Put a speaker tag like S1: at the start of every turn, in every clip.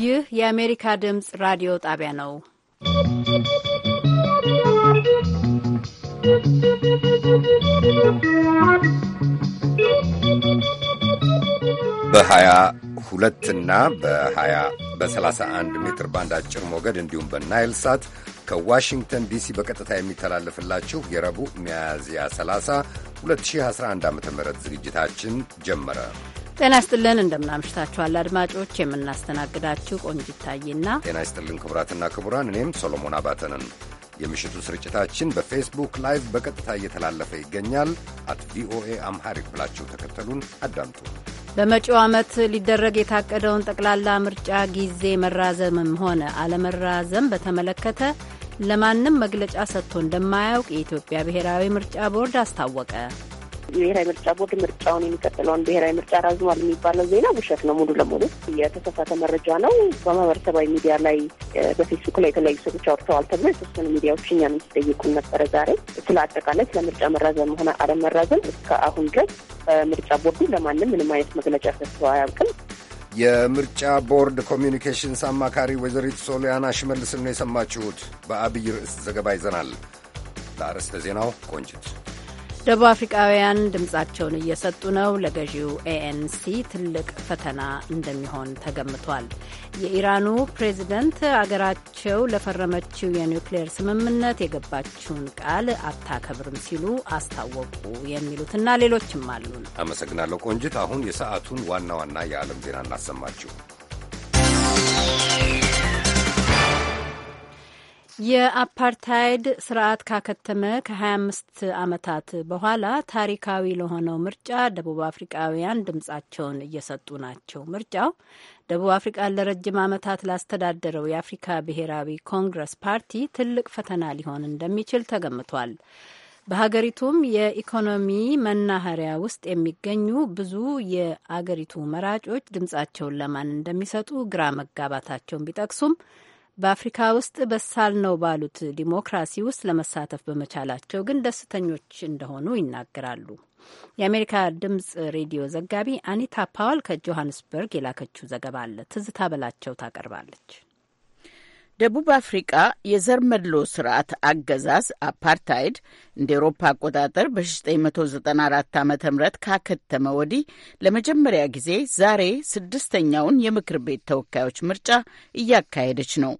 S1: ይህ የአሜሪካ ድምፅ ራዲዮ ጣቢያ ነው።
S2: በ22 እና በ20 በ31 ሜትር ባንድ አጭር ሞገድ እንዲሁም በናይል ሳት ከዋሽንግተን ዲሲ በቀጥታ የሚተላለፍላችሁ የረቡዕ ሚያዝያ 30 2011 ዓ ም ዝግጅታችን ጀመረ።
S1: ጤና ይስጥልን እንደምናምሽታችኋል አድማጮች የምናስተናግዳችሁ ቆንጂት ታዬና
S2: ጤና ይስጥልን ክቡራትና ክቡራን እኔም ሶሎሞን አባተንን የምሽቱ ስርጭታችን በፌስቡክ ላይቭ በቀጥታ እየተላለፈ ይገኛል አት ቪኦኤ አምሃሪክ ብላችሁ ተከተሉን አዳምጡ
S1: በመጪው ዓመት ሊደረግ የታቀደውን ጠቅላላ ምርጫ ጊዜ መራዘምም ሆነ አለመራዘም በተመለከተ ለማንም መግለጫ ሰጥቶ እንደማያውቅ የኢትዮጵያ ብሔራዊ ምርጫ ቦርድ አስታወቀ
S3: ብሔራዊ ምርጫ ቦርድ ምርጫውን የሚቀጥለውን ብሔራዊ ምርጫ ራዝሟል የሚባለው ዜና ውሸት ነው። ሙሉ ለሙሉ የተሳሳተ መረጃ ነው። በማህበረሰባዊ ሚዲያ ላይ በፌስቡክ ላይ የተለያዩ ሰዎች አውርተዋል ተብሎ የተወሰኑ ሚዲያዎች እኛን ሲጠይቁን ነበረ። ዛሬ ስለ አጠቃላይ ስለ ምርጫ መራዘም ሆነ አለመራዘም እስከ አሁን ድረስ ምርጫ ቦርዱ ለማንም ምንም አይነት
S2: መግለጫ ሰጥቶ አያውቅም። የምርጫ ቦርድ ኮሚዩኒኬሽንስ አማካሪ ወይዘሪት ሶሊያና ሽመልስን ነው የሰማችሁት። በአብይ ርዕስ ዘገባ ይዘናል። ለአርዕስተ ዜናው ቆንጅት
S1: ደቡብ አፍሪቃውያን ድምፃቸውን እየሰጡ ነው። ለገዢው ኤኤንሲ ትልቅ ፈተና እንደሚሆን ተገምቷል። የኢራኑ ፕሬዚደንት አገራቸው ለፈረመችው የኒውክሌር ስምምነት የገባችውን ቃል አታከብርም ሲሉ አስታወቁ። የሚሉትና ሌሎችም አሉ።
S2: አመሰግናለሁ ቆንጅት። አሁን የሰዓቱን ዋና ዋና የዓለም ዜና እናሰማችሁ።
S1: የአፓርታይድ ስርዓት ካከተመ ከ25 ዓመታት በኋላ ታሪካዊ ለሆነው ምርጫ ደቡብ አፍሪቃውያን ድምጻቸውን እየሰጡ ናቸው። ምርጫው ደቡብ አፍሪቃን ለረጅም ዓመታት ላስተዳደረው የአፍሪካ ብሔራዊ ኮንግረስ ፓርቲ ትልቅ ፈተና ሊሆን እንደሚችል ተገምቷል። በሀገሪቱም የኢኮኖሚ መናኸሪያ ውስጥ የሚገኙ ብዙ የአገሪቱ መራጮች ድምጻቸውን ለማን እንደሚሰጡ ግራ መጋባታቸውን ቢጠቅሱም በአፍሪካ ውስጥ በሳል ነው ባሉት ዲሞክራሲ ውስጥ ለመሳተፍ በመቻላቸው ግን ደስተኞች እንደሆኑ ይናገራሉ። የአሜሪካ ድምጽ ሬዲዮ ዘጋቢ አኒታ
S4: ፓዋል ከጆሃንስበርግ የላከችው ዘገባ አለ። ትዝታ በላቸው ታቀርባለች። ደቡብ አፍሪቃ የዘር መድሎ ስርዓት አገዛዝ አፓርታይድ እንደ ኤሮፓ አቆጣጠር በ1994 ዓ ም ካከተመ ወዲህ ለመጀመሪያ ጊዜ ዛሬ ስድስተኛውን የምክር ቤት ተወካዮች ምርጫ እያካሄደች ነው።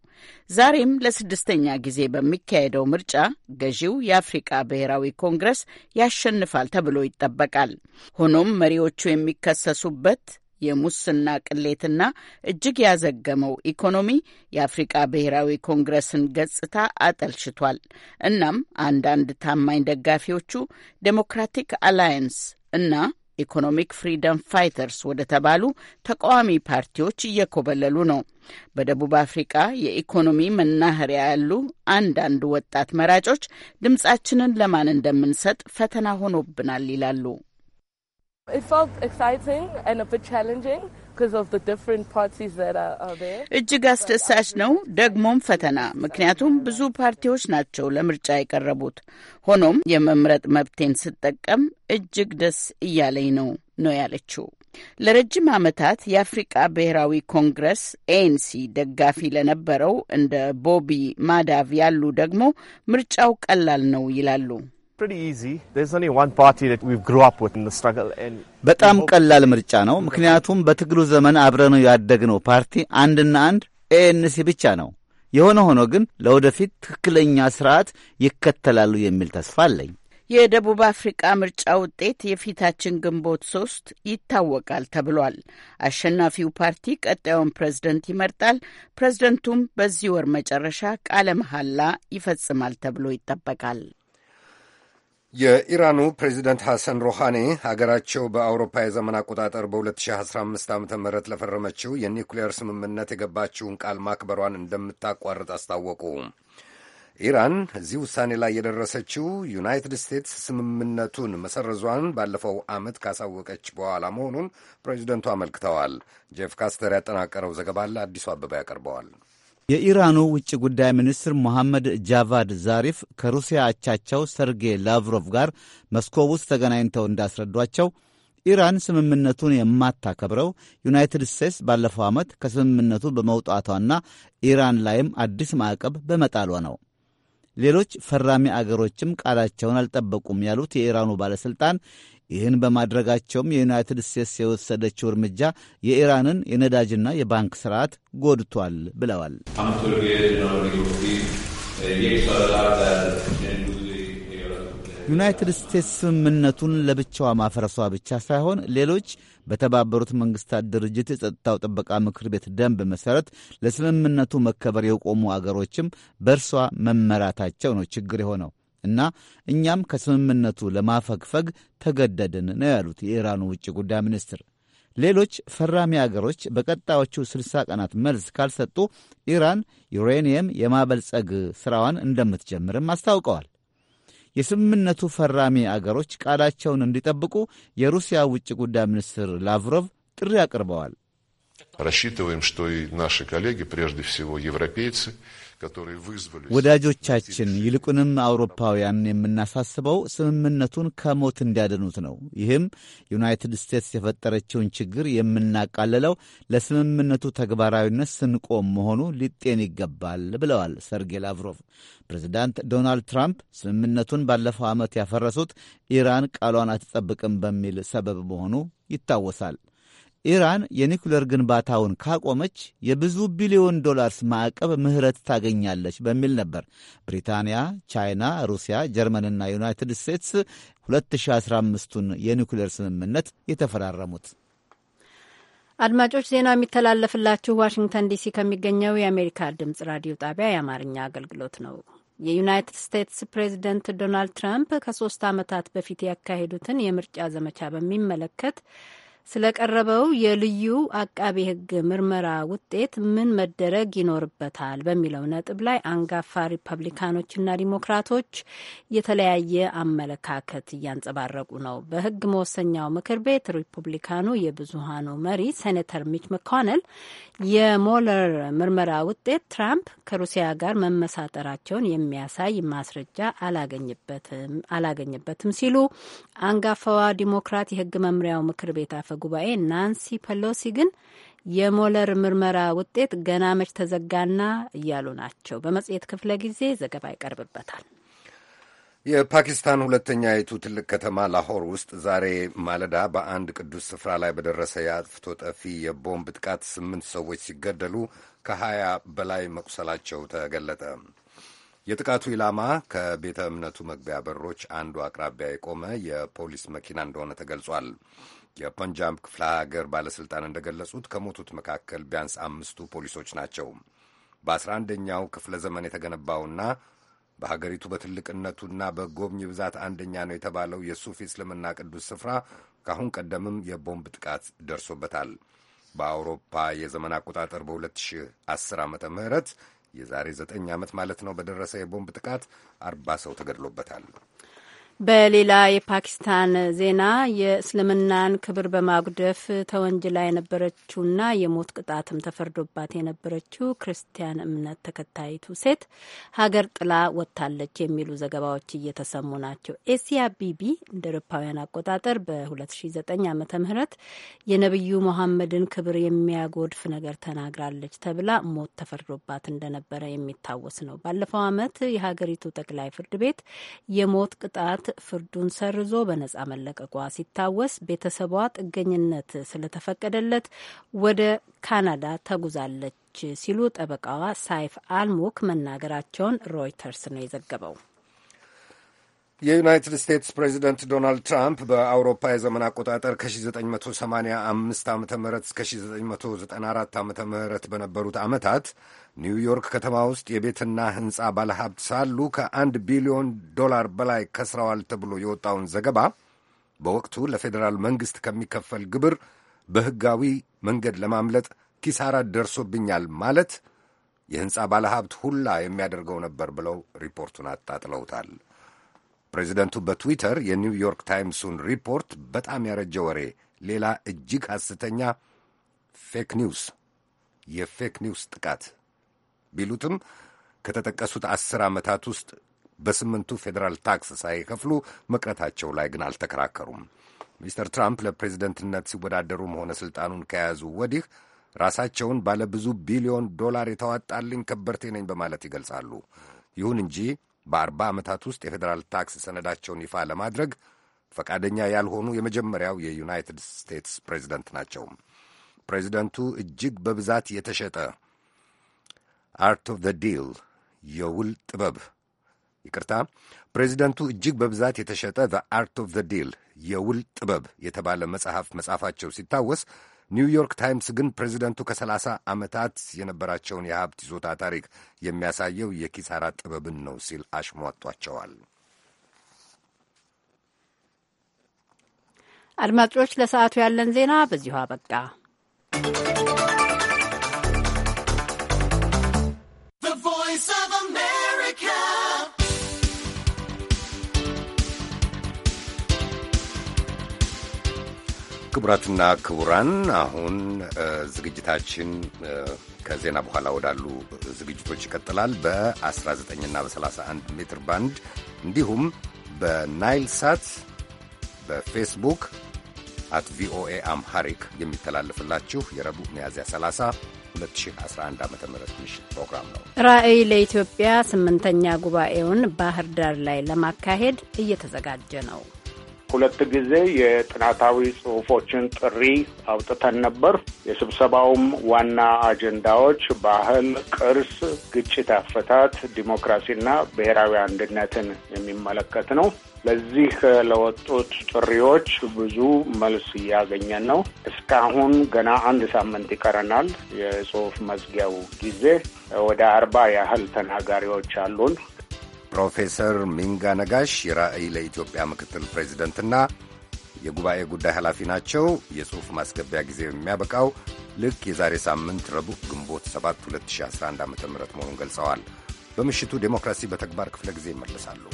S4: ዛሬም ለስድስተኛ ጊዜ በሚካሄደው ምርጫ ገዢው የአፍሪቃ ብሔራዊ ኮንግረስ ያሸንፋል ተብሎ ይጠበቃል። ሆኖም መሪዎቹ የሚከሰሱበት የሙስና ቅሌትና እጅግ ያዘገመው ኢኮኖሚ የአፍሪቃ ብሔራዊ ኮንግረስን ገጽታ አጠልሽቷል። እናም አንዳንድ ታማኝ ደጋፊዎቹ ዴሞክራቲክ አላያንስ እና ኢኮኖሚክ ፍሪደም ፋይተርስ ወደ ተባሉ ተቃዋሚ ፓርቲዎች እየኮበለሉ ነው። በደቡብ አፍሪቃ የኢኮኖሚ መናኸሪያ ያሉ አንዳንድ ወጣት መራጮች ድምጻችንን ለማን እንደምንሰጥ ፈተና ሆኖብናል ይላሉ። እጅግ አስደሳች ነው፣ ደግሞም ፈተና። ምክንያቱም ብዙ ፓርቲዎች ናቸው ለምርጫ የቀረቡት። ሆኖም የመምረጥ መብቴን ስጠቀም እጅግ ደስ እያለኝ ነው ነው ያለችው። ለረጅም ዓመታት የአፍሪቃ ብሔራዊ ኮንግረስ ኤንሲ ደጋፊ ለነበረው እንደ ቦቢ ማዳቭ ያሉ ደግሞ ምርጫው ቀላል ነው ይላሉ።
S5: በጣም ቀላል ምርጫ ነው። ምክንያቱም በትግሉ ዘመን አብረነው ያደግነው ፓርቲ አንድና አንድ ኤኤንሲ ብቻ ነው። የሆነ ሆኖ ግን ለወደፊት ትክክለኛ ስርዓት ይከተላሉ የሚል ተስፋ አለኝ።
S4: የደቡብ አፍሪቃ ምርጫ ውጤት የፊታችን ግንቦት ሶስት ይታወቃል ተብሏል። አሸናፊው ፓርቲ ቀጣዩን ፕሬዝደንት ይመርጣል። ፕሬዝደንቱም በዚህ ወር መጨረሻ ቃለ መሐላ ይፈጽማል ተብሎ ይጠበቃል።
S2: የኢራኑ ፕሬዚደንት ሐሰን ሮሃኒ ሀገራቸው በአውሮፓ የዘመን አቆጣጠር በ2015 ዓ ም ለፈረመችው የኒውክሌር ስምምነት የገባችውን ቃል ማክበሯን እንደምታቋርጥ አስታወቁ። ኢራን እዚህ ውሳኔ ላይ የደረሰችው ዩናይትድ ስቴትስ ስምምነቱን መሰረዟን ባለፈው ዓመት ካሳወቀች በኋላ መሆኑን ፕሬዚደንቱ አመልክተዋል። ጄፍ ካስተር ያጠናቀረው ዘገባ ለአዲሱ አበባ ያቀርበዋል።
S5: የኢራኑ ውጭ ጉዳይ ሚኒስትር ሞሐመድ ጃቫድ ዛሪፍ ከሩሲያ አቻቸው ሰርጌይ ላቭሮቭ ጋር መስኮ ውስጥ ተገናኝተው እንዳስረዷቸው ኢራን ስምምነቱን የማታከብረው ዩናይትድ ስቴትስ ባለፈው ዓመት ከስምምነቱ በመውጣቷና ኢራን ላይም አዲስ ማዕቀብ በመጣሏ ነው። ሌሎች ፈራሚ አገሮችም ቃላቸውን አልጠበቁም ያሉት የኢራኑ ባለሥልጣን ይህን በማድረጋቸውም የዩናይትድ ስቴትስ የወሰደችው እርምጃ የኢራንን የነዳጅና የባንክ ስርዓት ጎድቷል ብለዋል። ዩናይትድ ስቴትስ ስምምነቱን ለብቻዋ ማፈረሷ ብቻ ሳይሆን ሌሎች በተባበሩት መንግስታት ድርጅት የጸጥታው ጥበቃ ምክር ቤት ደንብ መሠረት ለስምምነቱ መከበር የቆሙ አገሮችም በእርሷ መመራታቸው ነው ችግር የሆነው። እና እኛም ከስምምነቱ ለማፈግፈግ ተገደድን ነው ያሉት የኢራኑ ውጭ ጉዳይ ሚኒስትር። ሌሎች ፈራሚ አገሮች በቀጣዮቹ 60 ቀናት መልስ ካልሰጡ ኢራን ዩሬኒየም የማበልጸግ ሥራዋን እንደምትጀምርም አስታውቀዋል። የስምምነቱ ፈራሚ አገሮች ቃላቸውን እንዲጠብቁ የሩሲያ ውጭ ጉዳይ ሚኒስትር ላቭሮቭ ጥሪ አቅርበዋል። рассчитываем, что и наши коллеги, прежде всего европейцы, ወዳጆቻችን ይልቁንም አውሮፓውያን የምናሳስበው ስምምነቱን ከሞት እንዲያደኑት ነው። ይህም ዩናይትድ ስቴትስ የፈጠረችውን ችግር የምናቃልለው ለስምምነቱ ተግባራዊነት ስንቆም መሆኑ ሊጤን ይገባል ብለዋል ሰርጌ ላቭሮቭ። ፕሬዚዳንት ዶናልድ ትራምፕ ስምምነቱን ባለፈው ዓመት ያፈረሱት ኢራን ቃሏን አትጠብቅም በሚል ሰበብ መሆኑ ይታወሳል። ኢራን የኒኩሌር ግንባታውን ካቆመች የብዙ ቢሊዮን ዶላርስ ማዕቀብ ምህረት ታገኛለች በሚል ነበር ብሪታንያ፣ ቻይና፣ ሩሲያ፣ ጀርመንና ዩናይትድ ስቴትስ 2015ቱን የኒኩሌር ስምምነት የተፈራረሙት።
S1: አድማጮች ዜናው የሚተላለፍላችሁ ዋሽንግተን ዲሲ ከሚገኘው የአሜሪካ ድምጽ ራዲዮ ጣቢያ የአማርኛ አገልግሎት ነው። የዩናይትድ ስቴትስ ፕሬዚደንት ዶናልድ ትራምፕ ከሶስት ዓመታት በፊት ያካሄዱትን የምርጫ ዘመቻ በሚመለከት ስለቀረበው የልዩ አቃቤ ሕግ ምርመራ ውጤት ምን መደረግ ይኖርበታል በሚለው ነጥብ ላይ አንጋፋ ሪፐብሊካኖችና ዲሞክራቶች የተለያየ አመለካከት እያንጸባረቁ ነው። በሕግ መወሰኛው ምክር ቤት ሪፐብሊካኑ የብዙሃኑ መሪ ሴኔተር ሚች መኮነል የሞለር ምርመራ ውጤት ትራምፕ ከሩሲያ ጋር መመሳጠራቸውን የሚያሳይ ማስረጃ አላገኝበትም አላገኝበትም ሲሉ አንጋፋዋ ዲሞክራት የሕግ መምሪያው ምክር ቤት አፈ ጉባኤ ናንሲ ፐሎሲ ግን የሞለር ምርመራ ውጤት ገና መች ተዘጋና እያሉ ናቸው። በመጽሔት ክፍለ ጊዜ ዘገባ ይቀርብበታል።
S2: የፓኪስታን ሁለተኛ ሁለተኛይቱ ትልቅ ከተማ ላሆር ውስጥ ዛሬ ማለዳ በአንድ ቅዱስ ስፍራ ላይ በደረሰ የአጥፍቶ ጠፊ የቦምብ ጥቃት ስምንት ሰዎች ሲገደሉ ከሀያ በላይ መቁሰላቸው ተገለጠ። የጥቃቱ ኢላማ ከቤተ እምነቱ መግቢያ በሮች አንዱ አቅራቢያ የቆመ የፖሊስ መኪና እንደሆነ ተገልጿል። የፐንጃብ ክፍለ ሀገር ባለሥልጣን እንደገለጹት ከሞቱት መካከል ቢያንስ አምስቱ ፖሊሶች ናቸው። በ በ11ኛው ክፍለ ዘመን የተገነባውና በሀገሪቱ በትልቅነቱና በጎብኝ ብዛት አንደኛ ነው የተባለው የሱፊ እስልምና ቅዱስ ስፍራ ከአሁን ቀደምም የቦምብ ጥቃት ደርሶበታል። በአውሮፓ የዘመን አቆጣጠር በ2010 ዓ ም የዛሬ 9 ዓመት ማለት ነው በደረሰ የቦምብ ጥቃት አርባ ሰው ተገድሎበታል።
S1: በሌላ የፓኪስታን ዜና የእስልምናን ክብር በማጉደፍ ተወንጅላ የነበረችውና የሞት ቅጣትም ተፈርዶባት የነበረችው ክርስቲያን እምነት ተከታይቱ ሴት ሀገር ጥላ ወጥታለች የሚሉ ዘገባዎች እየተሰሙ ናቸው። ኤሲያ ቢቢ እንደ አውሮፓውያን አቆጣጠር በ2009 ዓ ምህረት የነቢዩ መሐመድን ክብር የሚያጎድፍ ነገር ተናግራለች ተብላ ሞት ተፈርዶባት እንደነበረ የሚታወስ ነው። ባለፈው ዓመት የሀገሪቱ ጠቅላይ ፍርድ ቤት የሞት ቅጣት ፍርዱን ሰርዞ በነጻ መለቀቋ ሲታወስ ቤተሰቧ ጥገኝነት ስለተፈቀደለት ወደ ካናዳ ተጉዛለች ሲሉ ጠበቃዋ ሳይፍ አልሙክ መናገራቸውን ሮይተርስ ነው የዘገበው።
S2: የዩናይትድ ስቴትስ ፕሬዚደንት ዶናልድ ትራምፕ በአውሮፓ የዘመን አቆጣጠር ከ1985 ዓ ም እስከ 1994 ዓ ም በነበሩት ዓመታት ኒውዮርክ ከተማ ውስጥ የቤትና ሕንፃ ባለሀብት ሳሉ ከአንድ ቢሊዮን ዶላር በላይ ከስረዋል ተብሎ የወጣውን ዘገባ በወቅቱ ለፌዴራል መንግሥት ከሚከፈል ግብር በሕጋዊ መንገድ ለማምለጥ ኪሳራ ደርሶብኛል ማለት የሕንፃ ባለሀብት ሁላ የሚያደርገው ነበር ብለው ሪፖርቱን አጣጥለውታል። ፕሬዚደንቱ በትዊተር የኒውዮርክ ታይምሱን ሪፖርት በጣም ያረጀ ወሬ፣ ሌላ እጅግ ሐሰተኛ ፌክ ኒውስ፣ የፌክ ኒውስ ጥቃት ቢሉትም ከተጠቀሱት አስር ዓመታት ውስጥ በስምንቱ ፌዴራል ታክስ ሳይከፍሉ መቅረታቸው ላይ ግን አልተከራከሩም። ሚስተር ትራምፕ ለፕሬዝደንትነት ሲወዳደሩም ሆነ ስልጣኑን ከያዙ ወዲህ ራሳቸውን ባለ ብዙ ቢሊዮን ዶላር የተዋጣልኝ ከበርቴ ነኝ በማለት ይገልጻሉ። ይሁን እንጂ በአርባ ዓመታት ውስጥ የፌዴራል ታክስ ሰነዳቸውን ይፋ ለማድረግ ፈቃደኛ ያልሆኑ የመጀመሪያው የዩናይትድ ስቴትስ ፕሬዝደንት ናቸው። ፕሬዚደንቱ እጅግ በብዛት የተሸጠ አርት ኦፍ ዘ ዲል የውል ጥበብ ይቅርታ፣ ፕሬዚደንቱ እጅግ በብዛት የተሸጠ ዘ አርት ኦፍ ዘ ዲል የውል ጥበብ የተባለ መጽሐፍ መጻፋቸው ሲታወስ፣ ኒውዮርክ ታይምስ ግን ፕሬዚደንቱ ከሰላሳ ዓመታት የነበራቸውን የሀብት ይዞታ ታሪክ የሚያሳየው የኪሳራ ጥበብን ነው ሲል አሽሟጧቸዋል።
S1: አድማጮች፣ ለሰዓቱ ያለን ዜና በዚሁ አበቃ።
S2: ክቡራትና ክቡራን አሁን ዝግጅታችን ከዜና በኋላ ወዳሉ ዝግጅቶች ይቀጥላል። በ19ና በ31 ሜትር ባንድ እንዲሁም በናይል ሳት በፌስቡክ አት ቪኦኤ አምሃሪክ የሚተላለፍላችሁ የረቡዕ ሚያዝያ 30 2011 ዓ ም ምሽት ፕሮግራም ነው።
S1: ራዕይ ለኢትዮጵያ ስምንተኛ ጉባኤውን ባህር ዳር ላይ ለማካሄድ እየተዘጋጀ ነው።
S6: ሁለት ጊዜ የጥናታዊ ጽሁፎችን ጥሪ አውጥተን ነበር። የስብሰባውም ዋና አጀንዳዎች ባህል፣ ቅርስ፣ ግጭት አፈታት፣ ዲሞክራሲና ብሔራዊ አንድነትን የሚመለከት ነው። ለዚህ ለወጡት ጥሪዎች ብዙ መልስ እያገኘን ነው። እስካሁን ገና አንድ ሳምንት ይቀረናል። የጽሁፍ መዝጊያው ጊዜ ወደ አርባ ያህል ተናጋሪዎች አሉን።
S2: ፕሮፌሰር ሚንጋ ነጋሽ የራዕይ ለኢትዮጵያ ምክትል ፕሬዚደንትና የጉባኤ ጉዳይ ኃላፊ ናቸው። የጽሑፍ ማስገቢያ ጊዜ የሚያበቃው ልክ የዛሬ ሳምንት ረቡዕ ግንቦት 7 2011 ዓ ም መሆኑን ገልጸዋል። በምሽቱ ዴሞክራሲ በተግባር ክፍለ ጊዜ ይመለሳሉ።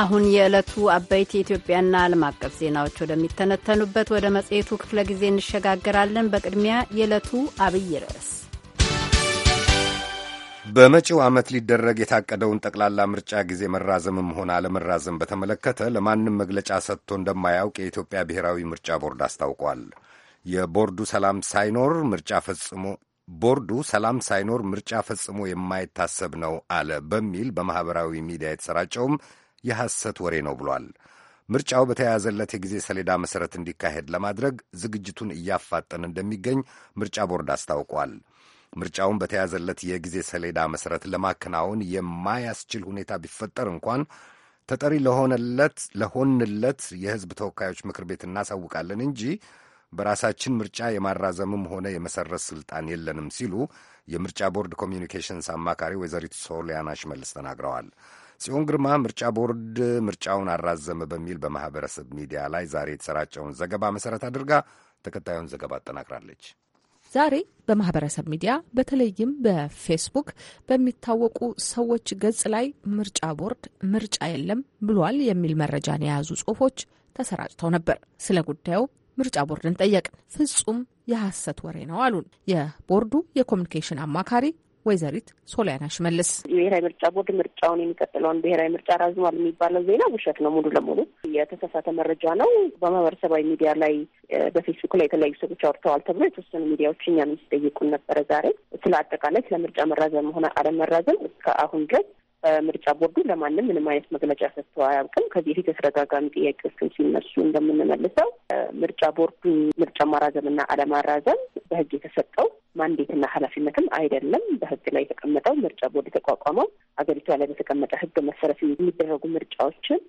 S1: አሁን የዕለቱ አበይት የኢትዮጵያና ዓለም አቀፍ ዜናዎች ወደሚተነተኑበት ወደ መጽሔቱ ክፍለ ጊዜ እንሸጋገራለን። በቅድሚያ የዕለቱ አብይ ርዕስ
S2: በመጪው ዓመት ሊደረግ የታቀደውን ጠቅላላ ምርጫ ጊዜ መራዘምም ሆነ አለመራዘም በተመለከተ ለማንም መግለጫ ሰጥቶ እንደማያውቅ የኢትዮጵያ ብሔራዊ ምርጫ ቦርድ አስታውቋል። የቦርዱ ሰላም ሳይኖር ምርጫ ፈጽሞ ቦርዱ ሰላም ሳይኖር ምርጫ ፈጽሞ የማይታሰብ ነው አለ በሚል በማኅበራዊ ሚዲያ የተሰራጨውም የሐሰት ወሬ ነው ብሏል። ምርጫው በተያያዘለት የጊዜ ሰሌዳ መሠረት እንዲካሄድ ለማድረግ ዝግጅቱን እያፋጠን እንደሚገኝ ምርጫ ቦርድ አስታውቋል። ምርጫውን በተያዘለት የጊዜ ሰሌዳ መሰረት ለማከናወን የማያስችል ሁኔታ ቢፈጠር እንኳን ተጠሪ ለሆነለት ለሆንለት የሕዝብ ተወካዮች ምክር ቤት እናሳውቃለን እንጂ በራሳችን ምርጫ የማራዘምም ሆነ የመሰረት ስልጣን የለንም ሲሉ የምርጫ ቦርድ ኮሚኒኬሽንስ አማካሪ ወይዘሪት ሶሊያና ሽመልስ ተናግረዋል። ጽዮን ግርማ ምርጫ ቦርድ ምርጫውን አራዘመ በሚል በማህበረሰብ ሚዲያ ላይ ዛሬ የተሰራጨውን ዘገባ መሠረት አድርጋ ተከታዩን ዘገባ አጠናቅራለች።
S7: ዛሬ በማህበረሰብ ሚዲያ በተለይም በፌስቡክ በሚታወቁ ሰዎች ገጽ ላይ ምርጫ ቦርድ ምርጫ የለም ብሏል የሚል መረጃን የያዙ ጽሁፎች ተሰራጭተው ነበር። ስለ ጉዳዩ ምርጫ ቦርድን ጠየቅን። ፍጹም የሐሰት ወሬ ነው አሉን። የቦርዱ የኮሚኒኬሽን አማካሪ ወይዘሪት ሶሊያና ሽመልስ
S3: ብሔራዊ ምርጫ ቦርድ ምርጫውን የሚቀጥለውን ብሔራዊ ምርጫ ራዝሟል የሚባለው ዜና ውሸት ነው፣ ሙሉ ለሙሉ የተሳሳተ መረጃ ነው። በማህበረሰባዊ ሚዲያ ላይ በፌስቡክ ላይ የተለያዩ ሰዎች አውርተዋል ተብሎ የተወሰኑ ሚዲያዎች እኛንም ሲጠይቁን ነበረ። ዛሬ ስለ አጠቃላይ ስለ ምርጫ መራዘም ሆነ አለመራዘም እስከ አሁን ድረስ ምርጫ ቦርዱ ለማንም ምንም አይነት መግለጫ ሰጥቶ አያውቅም። ከዚህ በፊት የተደጋጋሚ ጥያቄዎችም ሲነሱ እንደምንመልሰው ምርጫ ቦርዱ ምርጫ ማራዘምና አለማራዘም በህግ የተሰጠው ማንዴትና ኃላፊነትም አይደለም። በህግ ላይ የተቀመጠው ምርጫ ቦርድ የተቋቋመው አገሪቷ ላይ በተቀመጠ ህግ መሰረት የሚደረጉ ምርጫዎችን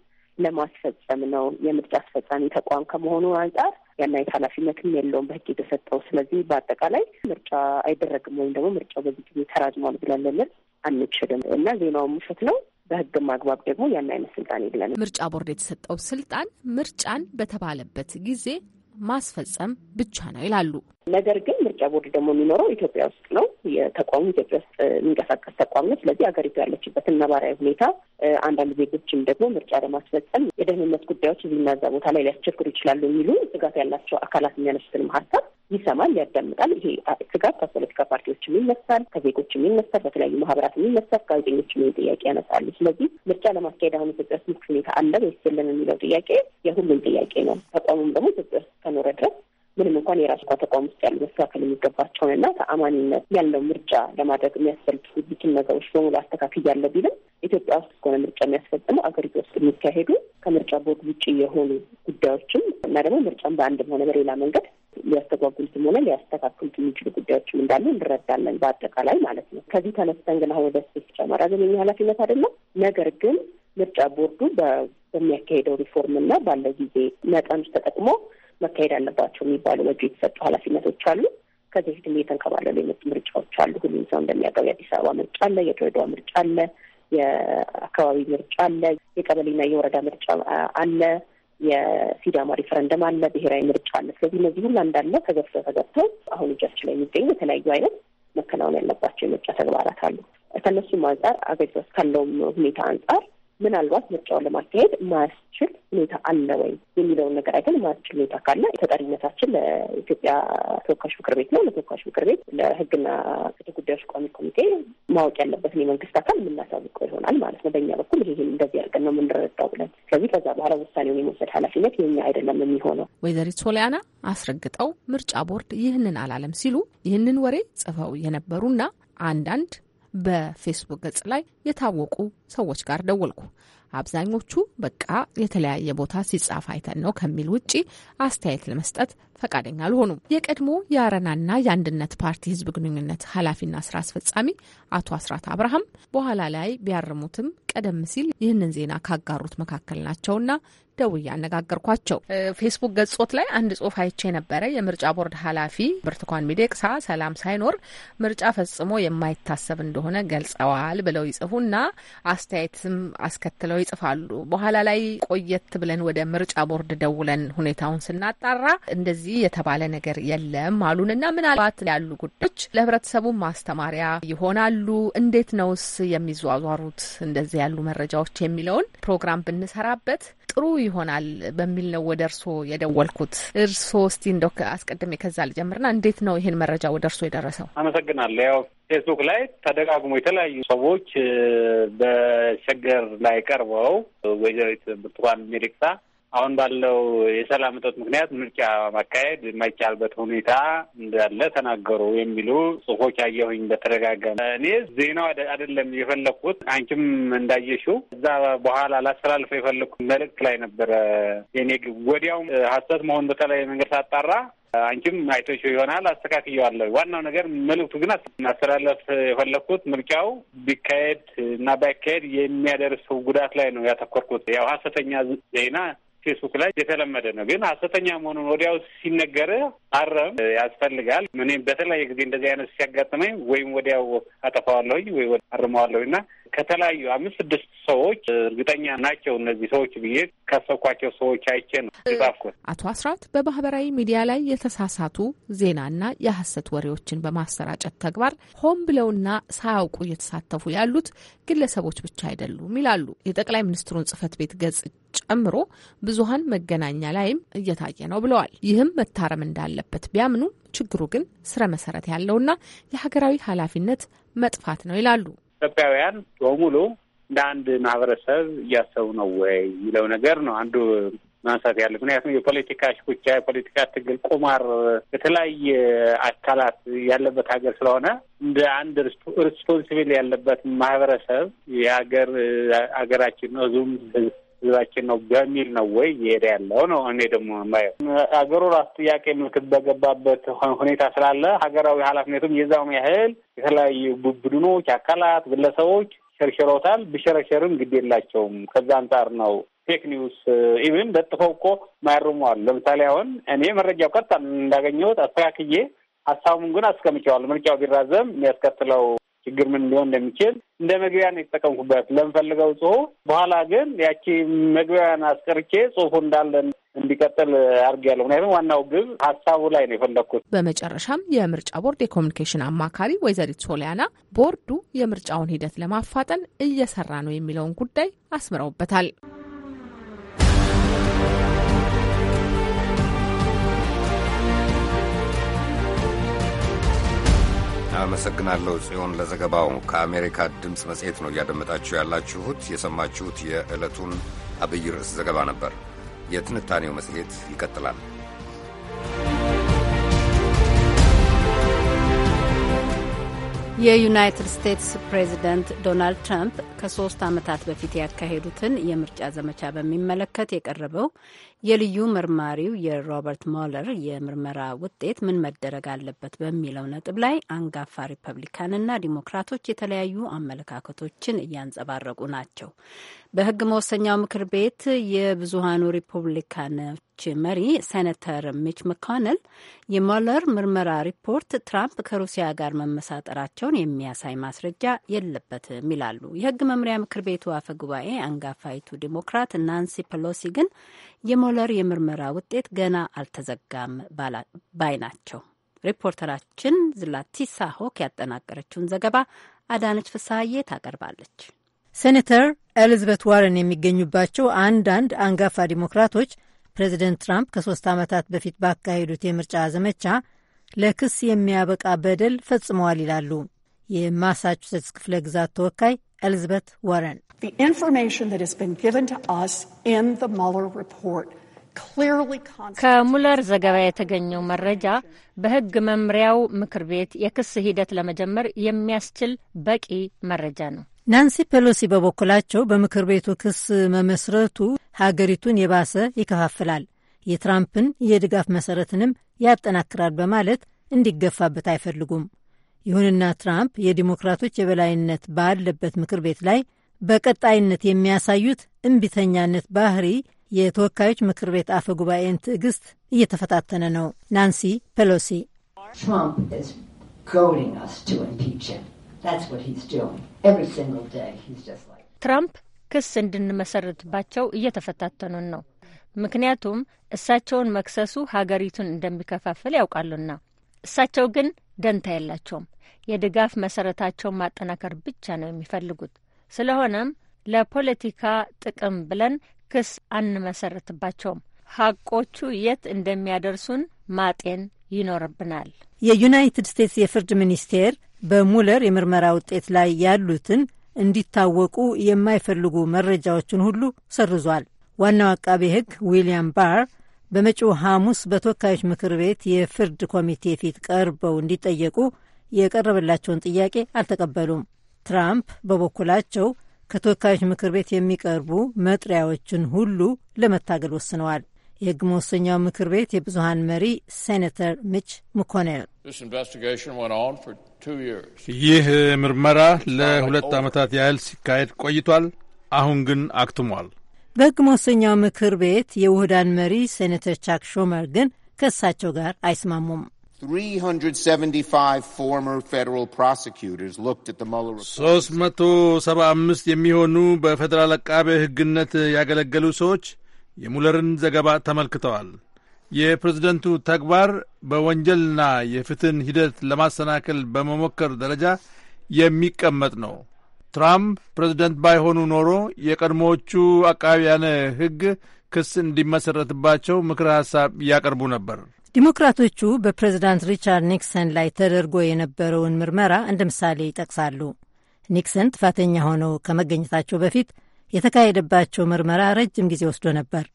S3: ለማስፈጸም ነው። የምርጫ አስፈጻሚ ተቋም ከመሆኑ አንጻር ያን አይነት ኃላፊነትም የለውም በህግ የተሰጠው። ስለዚህ በአጠቃላይ ምርጫ አይደረግም ወይም ደግሞ ምርጫው በዚህ ጊዜ ተራዝሟል ብለን ልንል አንችልም እና ዜናውን ውሸት ነው። በህግም አግባብ ደግሞ ያን አይነት ስልጣን የለንም።
S7: ምርጫ ቦርድ የተሰጠው ስልጣን ምርጫን በተባለበት ጊዜ ማስፈጸም ብቻ ነው ይላሉ።
S3: ነገር ግን ምርጫ ቦርድ ደግሞ የሚኖረው ኢትዮጵያ ውስጥ ነው። የተቋሙ ኢትዮጵያ ውስጥ የሚንቀሳቀስ ተቋም ነው። ስለዚህ ሀገሪቱ ያለችበትን ነባራዊ ሁኔታ፣ አንዳንድ ዜጎችም ደግሞ ምርጫ ለማስፈጸም የደህንነት ጉዳዮች እዚህና እዛ ቦታ ላይ ሊያስቸግሩ ይችላሉ የሚሉ ስጋት ያላቸው አካላት የሚያነሱትን ሀሳብ ይሰማል፣ ያዳምጣል። ይሄ ስጋት ከፖለቲካ ፓርቲዎችም ይነሳል፣ ከዜጎችም ይነሳል፣ በተለያዩ ማህበራትም ይነሳል። ጋዜጠኞችም ይህን ጥያቄ ያነሳሉ። ስለዚህ ምርጫ ለማካሄድ አሁን ኢትዮጵያ ውስጥ ምቹ ሁኔታ አለ ወይስ የለም የሚለው ጥያቄ የሁሉም ጥያቄ ነው። ተቋሙም ደግሞ ኢትዮጵያ ውስጥ ከኖረ ድረስ ምንም እንኳን የራሷ ተቋም ውስጥ ያሉ መስተካከል የሚገባቸውን እና ተአማኒነት ያለው ምርጫ ለማድረግ የሚያስፈልጉትን ነገሮች በሙሉ አስተካክ ያለ ቢልም ኢትዮጵያ ውስጥ ከሆነ ምርጫ የሚያስፈጽመው አገሪቱ ውስጥ የሚካሄዱ ከምርጫ ቦርድ ውጭ የሆኑ ጉዳዮችም እና ደግሞ ምርጫን በአንድም ሆነ በሌላ መንገድ ሊያስተጓጉሉትም ሆነ ሊያስተካክሉት የሚችሉ ጉዳዮችም እንዳሉ እንረዳለን፣ በአጠቃላይ ማለት ነው። ከዚህ ተነስተን ግን አሁን ወደ ስፔስ ጨመራ ግን የኛ ኃላፊነት አይደለም። ነገር ግን ምርጫ ቦርዱ በሚያካሄደው ሪፎርም እና ባለው ጊዜ መጠን ተጠቅሞ መካሄድ አለባቸው የሚባሉ በእጁ የተሰጡ ኃላፊነቶች አሉ። ከዚህ ፊትም እየተንከባለሉ የመጡ ምርጫዎች አሉ። ሁሉም ሰው እንደሚያውቀው የአዲስ አበባ ምርጫ አለ፣ የድሬዳዋ ምርጫ አለ፣ የአካባቢ ምርጫ አለ፣ የቀበሌና የወረዳ ምርጫ አለ፣ የሲዳማ ሪፈረንደም አለ፣ ብሔራዊ ምርጫ አለ። ስለዚህ እነዚህ ሁሉ እንዳለ ተገብተው ተገብተው አሁን እጃችን ላይ የሚገኙ የተለያዩ አይነት መከናወን ያለባቸው የምርጫ ተግባራት አሉ። ከእነሱም አንጻር አገሪቷ ካለውም ሁኔታ አንጻር ምናልባት ምርጫውን ለማካሄድ ማያስችል ሁኔታ አለ ወይ የሚለውን ነገር አይተን ማያስችል ሁኔታ ካለ ተጠሪነታችን ለኢትዮጵያ ተወካዮች ምክር ቤት ነው። ለተወካዮች ምክር ቤት፣ ለሕግና ፍትህ ጉዳዮች ቋሚ ኮሚቴ ማወቅ ያለበትን የመንግስት አካል የምናሳውቀው ይሆናል ማለት ነው። በእኛ በኩል ይህን እንደዚህ አድርገን ነው የምንረዳው ብለን ስለዚህ ከዛ በኋላ ውሳኔውን የመውሰድ ኃላፊነት የኛ አይደለም የሚሆነው።
S7: ወይዘሪት ሶሊያና አስረግጠው ምርጫ ቦርድ ይህንን አላለም ሲሉ ይህንን ወሬ ጽፈው የነበሩና አንዳንድ በፌስቡክ ገጽ ላይ የታወቁ ሰዎች ጋር ደወልኩ። አብዛኞቹ በቃ የተለያየ ቦታ ሲጻፍ አይተን ነው ከሚል ውጪ አስተያየት ለመስጠት ፈቃደኛ አልሆኑም። የቀድሞ የአረናና የአንድነት ፓርቲ ህዝብ ግንኙነት ኃላፊና ስራ አስፈጻሚ አቶ አስራት አብርሃም በኋላ ላይ ቢያርሙትም ቀደም ሲል ይህንን ዜና ካጋሩት መካከል ናቸውና ደውዬ አነጋገርኳቸው። ፌስቡክ ገጾት ላይ አንድ ጽሁፍ አይቼ ነበረ። የምርጫ ቦርድ ኃላፊ ብርቱካን ሚደቅሳ ሰላም ሳይኖር ምርጫ ፈጽሞ የማይታሰብ እንደሆነ ገልጸዋል ብለው ይጽፉና አስተያየትም አስከትለው ይጽፋሉ። በኋላ ላይ ቆየት ብለን ወደ ምርጫ ቦርድ ደውለን ሁኔታውን ስናጣራ እንደዚህ የተባለ ነገር የለም አሉንና ምናልባት ያሉ ጉዳዮች ለህብረተሰቡ ማስተማሪያ ይሆናሉ። እንዴት ነውስ የሚዟዟሩት እንደዚህ ያሉ መረጃዎች የሚለውን ፕሮግራም ብንሰራበት ጥሩ ይሆናል በሚል ነው ወደ እርስዎ የደወልኩት። እርስዎ እስቲ እንደው አስቀድሜ ከዛ ልጀምርና እንዴት ነው ይህን መረጃ ወደ እርስዎ የደረሰው?
S8: አመሰግናለሁ። ያው ፌስቡክ ላይ ተደጋግሞ የተለያዩ ሰዎች በሸገር ላይ ቀርበው ወይዘሪት ብርቱካን ሚደቅሳ አሁን ባለው የሰላም እጦት ምክንያት ምርጫ ማካሄድ የማይቻልበት ሁኔታ እንዳለ ተናገሩ የሚሉ ጽሁፎች ያየሁኝ በተደጋገመ። እኔ ዜናው አይደለም የፈለግኩት፣ አንቺም እንዳየሽው እዛ በኋላ ላስተላልፈ የፈለግኩት መልእክት ላይ ነበረ። እኔ ወዲያውም ሀሰት መሆን በተለያየ መንገድ ሳጣራ አንቺም አይቶች ይሆናል አስተካክየዋለሁ። ዋናው ነገር መልእክቱ ግን ማስተላለፍ የፈለግኩት ምርጫው ቢካሄድ እና ባይካሄድ የሚያደርሰው ጉዳት ላይ ነው ያተኮርኩት። ያው ሀሰተኛ ዜና ፌስቡክ ላይ የተለመደ ነው። ግን ሀሰተኛ መሆኑን ወዲያው ሲነገር አረም ያስፈልጋል። እኔም በተለያየ ጊዜ እንደዚህ አይነት ሲያጋጥመኝ ወይም ወዲያው አጠፋዋለሁኝ ወይ አርመዋለሁኝ እና ከተለያዩ አምስት ስድስት ሰዎች እርግጠኛ ናቸው እነዚህ ሰዎች ብዬ ካሰብኳቸው ሰዎች አይቼ ነው የጻፍኩት።
S7: አቶ አስራት በማህበራዊ ሚዲያ ላይ የተሳሳቱ ዜናና የሀሰት ወሬዎችን በማሰራጨት ተግባር ሆን ብለውና ሳያውቁ እየተሳተፉ ያሉት ግለሰቦች ብቻ አይደሉም ይላሉ። የጠቅላይ ሚኒስትሩን ጽህፈት ቤት ገጽ ጨምሮ ብዙሀን መገናኛ ላይም እየታየ ነው ብለዋል። ይህም መታረም እንዳለበት ቢያምኑ ችግሩ ግን ስረ መሰረት ያለውና የሀገራዊ ኃላፊነት መጥፋት ነው ይላሉ።
S8: ኢትዮጵያውያን በሙሉ እንደ አንድ ማህበረሰብ እያሰቡ ነው ወይ የሚለው ነገር ነው አንዱ ማንሳት ያለ ምክንያቱም የፖለቲካ ሽኩቻ፣ የፖለቲካ ትግል፣ ቁማር የተለያየ አካላት ያለበት ሀገር ስለሆነ እንደ አንድ ሪስፖንሲብል ያለበት ማህበረሰብ የሀገር ሀገራችን ነው ዙም ህዝባችን ነው በሚል ነው ወይ እየሄደ ያለው ነው። እኔ ደግሞ የማየው ሀገሩ ራሱ ጥያቄ ምልክት በገባበት ሁኔታ ስላለ ሀገራዊ ኃላፊነቱም የዛውም ያህል የተለያዩ ቡድኖች፣ አካላት፣ ግለሰቦች ሸርሸሮታል። ብሸረሸርም ግድ የላቸውም። ከዛ አንጻር ነው ፌክ ኒውስ ኢቭን ለጥፈው እኮ ማያርሟል። ለምሳሌ አሁን እኔ መረጃው ቀጥታ እንዳገኘሁት አስተካክዬ ሀሳቡን ግን አስቀምጨዋል። ምርጫው ቢራዘም የሚያስከትለው ችግር ምን ሊሆን እንደሚችል እንደ መግቢያ ነው የተጠቀምኩበት ለምፈልገው ጽሁፍ። በኋላ ግን ያቺ መግቢያን አስቀርቼ ጽሁፉ እንዳለ እንዲቀጥል አድርጌያለሁ። ምክንያቱም ዋናው ግብ ሀሳቡ ላይ ነው የፈለግኩት።
S7: በመጨረሻም የምርጫ ቦርድ የኮሚኒኬሽን አማካሪ ወይዘሪት ሶሊያና ቦርዱ የምርጫውን ሂደት ለማፋጠን እየሰራ ነው የሚለውን ጉዳይ አስምረውበታል።
S2: አመሰግናለሁ ጽዮን ለዘገባው። ከአሜሪካ ድምፅ መጽሔት ነው እያደመጣችሁ ያላችሁት። የሰማችሁት የዕለቱን አብይ ርዕስ ዘገባ ነበር። የትንታኔው መጽሔት ይቀጥላል።
S1: የዩናይትድ ስቴትስ ፕሬዚደንት ዶናልድ ትራምፕ ከሶስት ዓመታት በፊት ያካሄዱትን የምርጫ ዘመቻ በሚመለከት የቀረበው የልዩ መርማሪው የሮበርት ሞለር የምርመራ ውጤት ምን መደረግ አለበት በሚለው ነጥብ ላይ አንጋፋ ሪፐብሊካንና ዲሞክራቶች የተለያዩ አመለካከቶችን እያንጸባረቁ ናቸው። በሕግ መወሰኛው ምክር ቤት የብዙሀኑ ሪፐብሊካኖች መሪ ሴኔተር ሚች መኮንል የሞለር ምርመራ ሪፖርት ትራምፕ ከሩሲያ ጋር መመሳጠራቸውን የሚያሳይ ማስረጃ የለበትም ይላሉ። የህግ መምሪያ ምክር ቤቱ አፈ ጉባኤ አንጋፋይቱ ዲሞክራት ናንሲ ፐሎሲ ግን የሞለር የምርመራ ውጤት ገና አልተዘጋም ባይ ናቸው። ሪፖርተራችን ዝላቲሳ ሆክ ያጠናቀረችውን ዘገባ አዳነች ፍሳሐዬ ታቀርባለች።
S9: ሴኔተር ኤሊዝቤት ዋረን የሚገኙባቸው አንዳንድ አንጋፋ ዲሞክራቶች ፕሬዚደንት ትራምፕ ከሶስት ዓመታት በፊት ባካሄዱት የምርጫ ዘመቻ ለክስ የሚያበቃ በደል ፈጽመዋል ይላሉ የማሳቹሴትስ ክፍለ ግዛት ተወካይ ኤልዝበት ወረን።
S10: ከሙለር ዘገባ የተገኘው መረጃ በሕግ መምሪያው ምክር ቤት የክስ ሂደት ለመጀመር የሚያስችል በቂ መረጃ ነው።
S9: ናንሲ ፔሎሲ በበኩላቸው በምክር ቤቱ ክስ መመስረቱ ሀገሪቱን የባሰ ይከፋፍላል፣ የትራምፕን የድጋፍ መሰረትንም ያጠናክራል በማለት እንዲገፋበት አይፈልጉም። ይሁንና ትራምፕ የዲሞክራቶች የበላይነት ባለበት ምክር ቤት ላይ በቀጣይነት የሚያሳዩት እምቢተኛነት ባህሪ የተወካዮች ምክር ቤት አፈ ጉባኤን ትዕግስት እየተፈታተነ ነው። ናንሲ ፔሎሲ
S10: ትራምፕ ክስ እንድንመሰርትባቸው እየተፈታተኑን ነው። ምክንያቱም እሳቸውን መክሰሱ ሀገሪቱን እንደሚከፋፍል ያውቃሉና። እሳቸው ግን ደንታ የላቸውም። የድጋፍ መሰረታቸውን ማጠናከር ብቻ ነው የሚፈልጉት። ስለሆነም ለፖለቲካ ጥቅም ብለን ክስ አንመሰርትባቸውም። ሀቆቹ የት እንደሚያደርሱን ማጤን ይኖርብናል።
S9: የዩናይትድ ስቴትስ የፍርድ ሚኒስቴር በሙለር የምርመራ ውጤት ላይ ያሉትን እንዲታወቁ የማይፈልጉ መረጃዎችን ሁሉ ሰርዟል። ዋናው አቃቤ ሕግ ዊልያም ባር በመጪው ሐሙስ በተወካዮች ምክር ቤት የፍርድ ኮሚቴ ፊት ቀርበው እንዲጠየቁ የቀረበላቸውን ጥያቄ አልተቀበሉም። ትራምፕ በበኩላቸው ከተወካዮች ምክር ቤት የሚቀርቡ መጥሪያዎችን ሁሉ ለመታገል ወስነዋል። የግሞሰኛው መወሰኛው ምክር ቤት የብዙሀን መሪ ሴኔተር ሚች ምኮኔል
S11: ይህ ምርመራ ለሁለት ዓመታት ያህል ሲካሄድ ቆይቷል። አሁን ግን አክትሟል።
S9: በህግ መወሰኛው ምክር ቤት የውህዳን መሪ ሴኔተር ቻክ ሾመር ግን ከእሳቸው ጋር አይስማሙም።
S2: 375
S11: የሚሆኑ በፌዴራል አቃቤ ህግነት ያገለገሉ ሰዎች የሙለርን ዘገባ ተመልክተዋል። የፕሬዝደንቱ ተግባር በወንጀልና የፍትህን ሂደት ለማሰናከል በመሞከር ደረጃ የሚቀመጥ ነው። ትራምፕ ፕሬዝደንት ባይሆኑ ኖሮ የቀድሞዎቹ አቃቢያነ ሕግ ክስ እንዲመሠረትባቸው ምክረ ሐሳብ ያቀርቡ ነበር።
S9: ዲሞክራቶቹ በፕሬዝዳንት ሪቻርድ ኒክሰን ላይ ተደርጎ የነበረውን ምርመራ እንደ ምሳሌ ይጠቅሳሉ። ኒክሰን ጥፋተኛ ሆነው ከመገኘታቸው በፊት የተካሄደባቸው ምርመራ ረጅም ጊዜ ወስዶ ነበር።